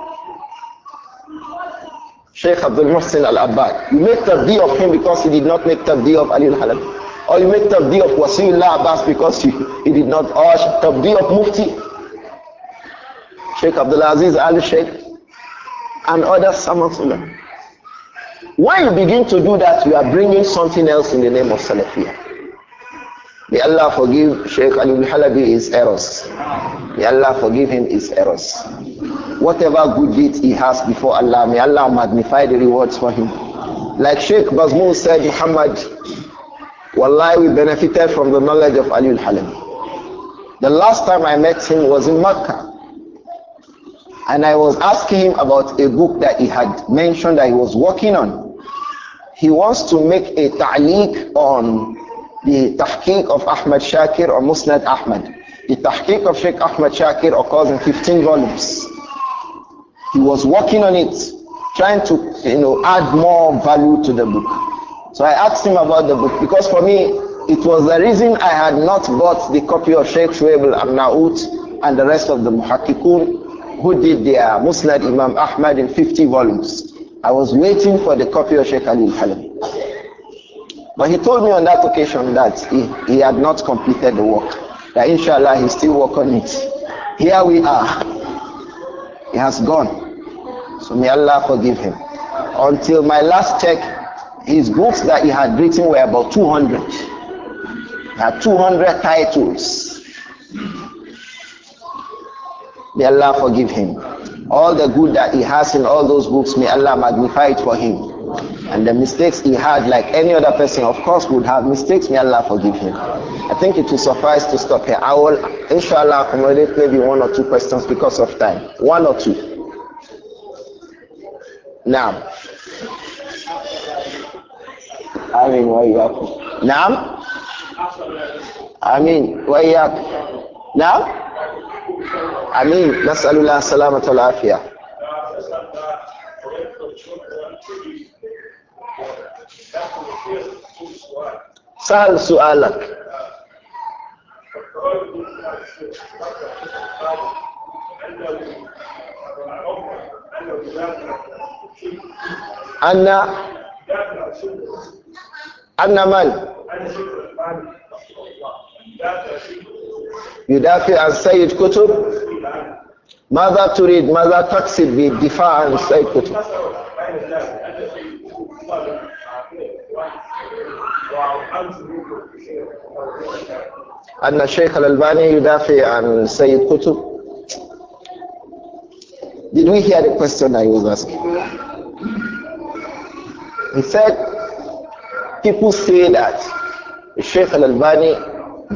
Sheikh Abdul Muhsin Al-Abbad. You make tabdi of him because he did not make tabdi of Ali al halab Or you make tabdi of Wasiullah Abbas because he, he did not. Or tabdi of Mufti. Sheikh Abdul Aziz Al Sheikh and others amongst them. When you begin to do that, you are bringing something else in the name of Salafiyah. May Allah forgive Sheikh Ali Halabi his errors. May Allah forgive him his errors. Whatever good deed he has before Allah, may Allah magnify the rewards for him. Like Sheikh Bazmoon said, Muhammad, Wallahi, we benefited from the knowledge of Ali Halabi. The last time I met him was in Makkah. And I was asking him about a book that he had mentioned that he was working on. He wants to make a ta'liq on the tahqiq of Ahmad Shakir or Musnad Ahmad. The tahqiq of Sheikh Ahmad Shakir occurs in 15 volumes. He was working on it, trying to you know add more value to the book. So I asked him about the book because for me it was the reason I had not bought the copy of Sheikh Shuaib al-Amnaut and the rest of the muhakkikun who did their Musnad Imam Ahmad in 50 volumes. I was waiting for the copy of Sheikh Ali al but he told me on that occasion that he, he had not completed the work. That inshallah he still work on it. Here we are. He has gone. So may Allah forgive him. Until my last check, his books that he had written were about 200. He had 200 titles. May Allah forgive him. All the good that he has in all those books, may Allah magnify it for him. And the mistakes he had, like any other person, of course, would have mistakes. May Allah forgive him. I think it will suffice to stop here. I will, inshallah, accommodate maybe one or two questions because of time. One or two. Now. I mean, why you up? Now? I mean, why you up? Now? I mean, نسأل الله السلامة والعافية. سأل سؤالك أن أن من يدافع عن سيد كتب ماذا تريد ماذا تقصد بالدفاع عن سيد كتب أن الشيخ الألباني يدافع عن سيد قطب Did we hear the question I was asking? He said, people say that Sheikh Al-Albani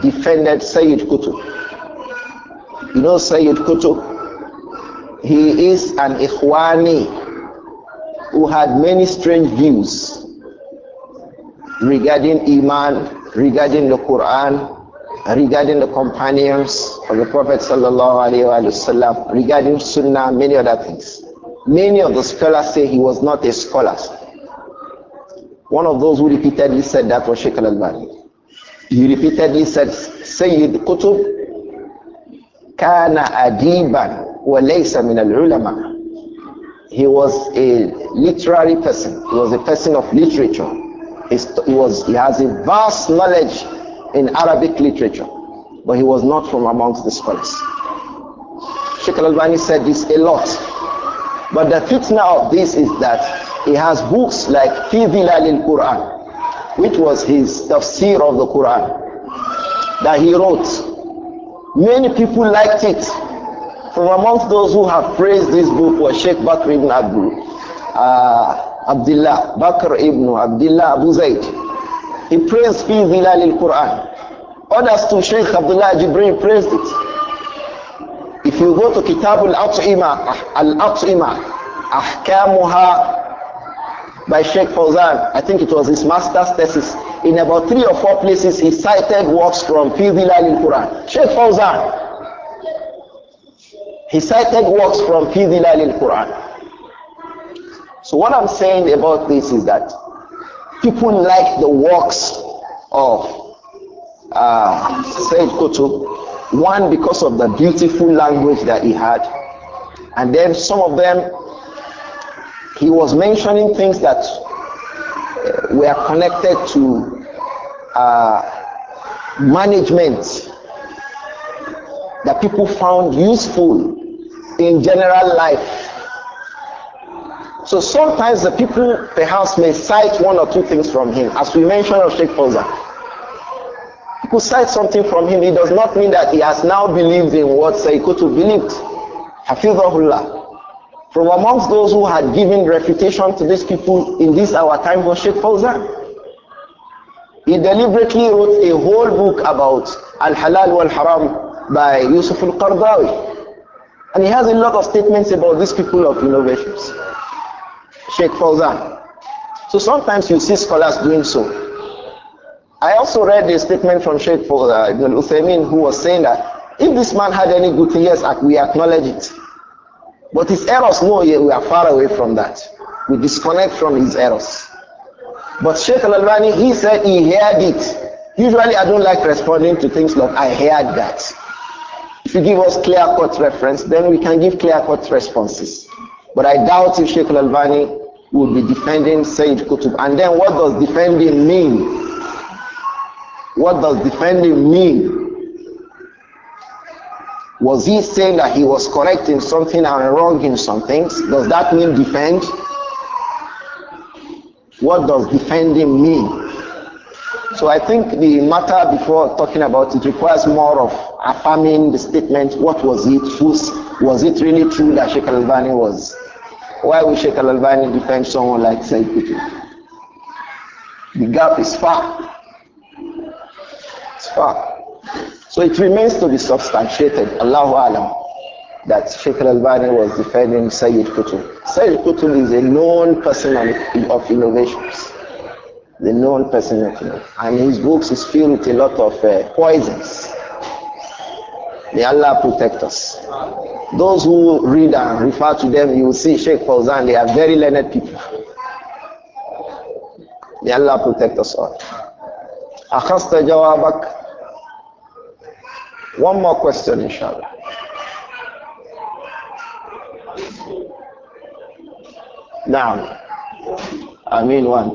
defended Sayyid Qutb. You know Sayyid Qutb? He is an Ikhwani who had many strange views regarding Iman, regarding the Quran, regarding the companions of the Prophet وسلم, regarding Sunnah, many other things. Many of the scholars say he was not a scholar. One of those who repeatedly said that was Sheikh al-Albani. He repeatedly said, Sayyid Qutb kana adiban wa min al-ulama. He was a literary person. He was a person of literature. He, was, he has a vast knowledge in Arabic literature, but he was not from amongst the scholars. Sheikh Al-Albani said this a lot. But the fitna of this is that he has books like Fidhilal al-Quran, which was his tafsir of the Quran, that he wrote. Many people liked it, from amongst those who have praised this book was Sheikh Bakr ibn Abdul uh, Abdullah, Bakr ibn Abdullah Abu Zaid. He praised Fi al-Quran. Others to Sheikh Abdullah Jibril praised it. If you go to Kitab al-At'ima, al-At'ima, Ahkamuha by Sheikh Fawzan, I think it was his master's thesis, in about three or four places he cited works from Fi al-Quran. Sheikh Fawzan, he cited works from Fidilal al-Quran. So what I'm saying about this is that people like the works of uh, Sayyid Qutb, one because of the beautiful language that he had, and then some of them, he was mentioning things that uh, were connected to uh, management that people found useful in general life. So sometimes the people perhaps may cite one or two things from him, as we mentioned of Sheikh Fawzan. People cite something from him, it does not mean that he has now believed in what Saikutu believed. Hafizahullah. From amongst those who had given reputation to these people in this our time was Sheikh Fawzan. He deliberately wrote a whole book about Al Halal wal Haram by Yusuf al Qardawi. And he has a lot of statements about these people of innovations. Sheikh Fawzan. So sometimes you see scholars doing so. I also read a statement from Sheikh Fawzan uh, Ibn who was saying that if this man had any good thing, yes, we acknowledge it. But his errors, no, we are far away from that. We disconnect from his errors. But Sheikh Al Albani, he said he heard it. Usually I don't like responding to things like I heard that. If you give us clear cut reference, then we can give clear cut responses. But I doubt if Sheikh Al Albani would be defending Sayyid Qutb. And then what does defending mean? What does defending mean? Was he saying that he was correct in something and wrong in some things? Does that mean defend? What does defending mean? So I think the matter before talking about it requires more of affirming the statement. What was it? Was, was it really true that Sheikh Al-Albani was? Why would Sheikh Al-Albani defend someone like Said Qutb? The gap is far. It's far. So it remains to be substantiated, Allahu Alam, that Sheikh Al-Albani was defending Sayyid Qutb. Sayyid Qutb is a known person of innovations the known person of you know. And his books is filled with a lot of uh, poisons. May Allah protect us. Those who read and refer to them, you will see Sheikh Fawzan, they are very learned people. May Allah protect us all. Akhasta jawabak. One more question, inshallah. Now, I mean one.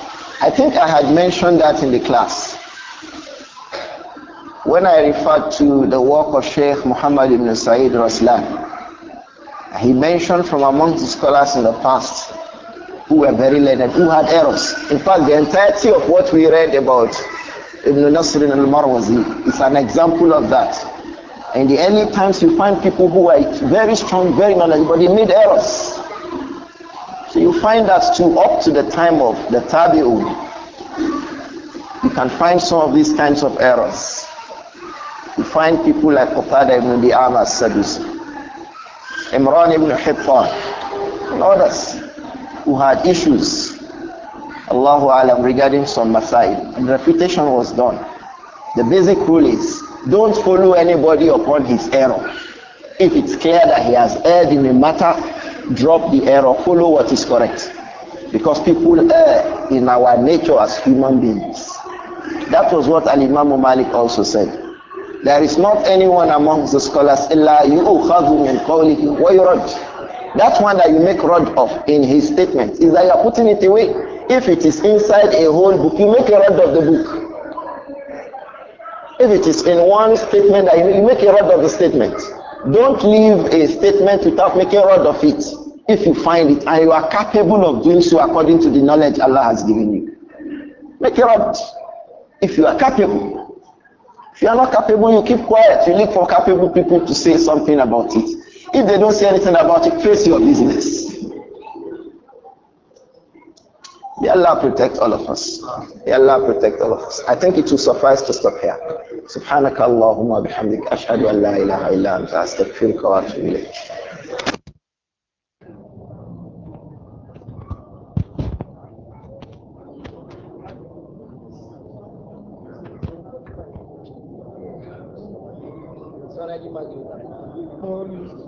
I think I had mentioned that in the class. When I referred to the work of Sheikh Muhammad ibn Sa'id Raslan, he mentioned from amongst the scholars in the past who were very learned, who had errors. In fact, the entirety of what we read about Ibn Nasr al-Marwazi is an example of that. In the early times, you find people who were very strong, very knowledgeable, but they made errors you find that too up to the time of the Tabi'un. You can find some of these kinds of errors. You find people like Qatada ibn Bi'am as-Sadusi, Imran ibn Hittan, and others who had issues, Allahu Alam, regarding some Masail. And reputation was done. The basic rule is don't follow anybody upon his error. If it's clear that he has erred in a matter, drop the error, follow what is correct. Because people err eh, in our nature as human beings. That was what Al Imam Malik also said. There is not anyone amongst the scholars illa calling, min qawlihi wa yurad. That one that you make rod of in his statement is that you are putting it away. If it is inside a whole book, you make a rod of the book. If it is in one statement, that you make a rod of the statement. Don't leave a statement without making rod of it. If you find it and you are capable of doing so according to the knowledge Allah has given you, make a rod. If you are capable, if you are not capable, you keep quiet. You look for capable people to say something about it. If they don't say anything about it, face your business. May Allah protect all of us. May Allah protect all of us. I think it will suffice to stop here. سبحانك اللهم وبحمدك أشهد أن لا إله إلا أنت أستغفرك وأتوب إليك. Thank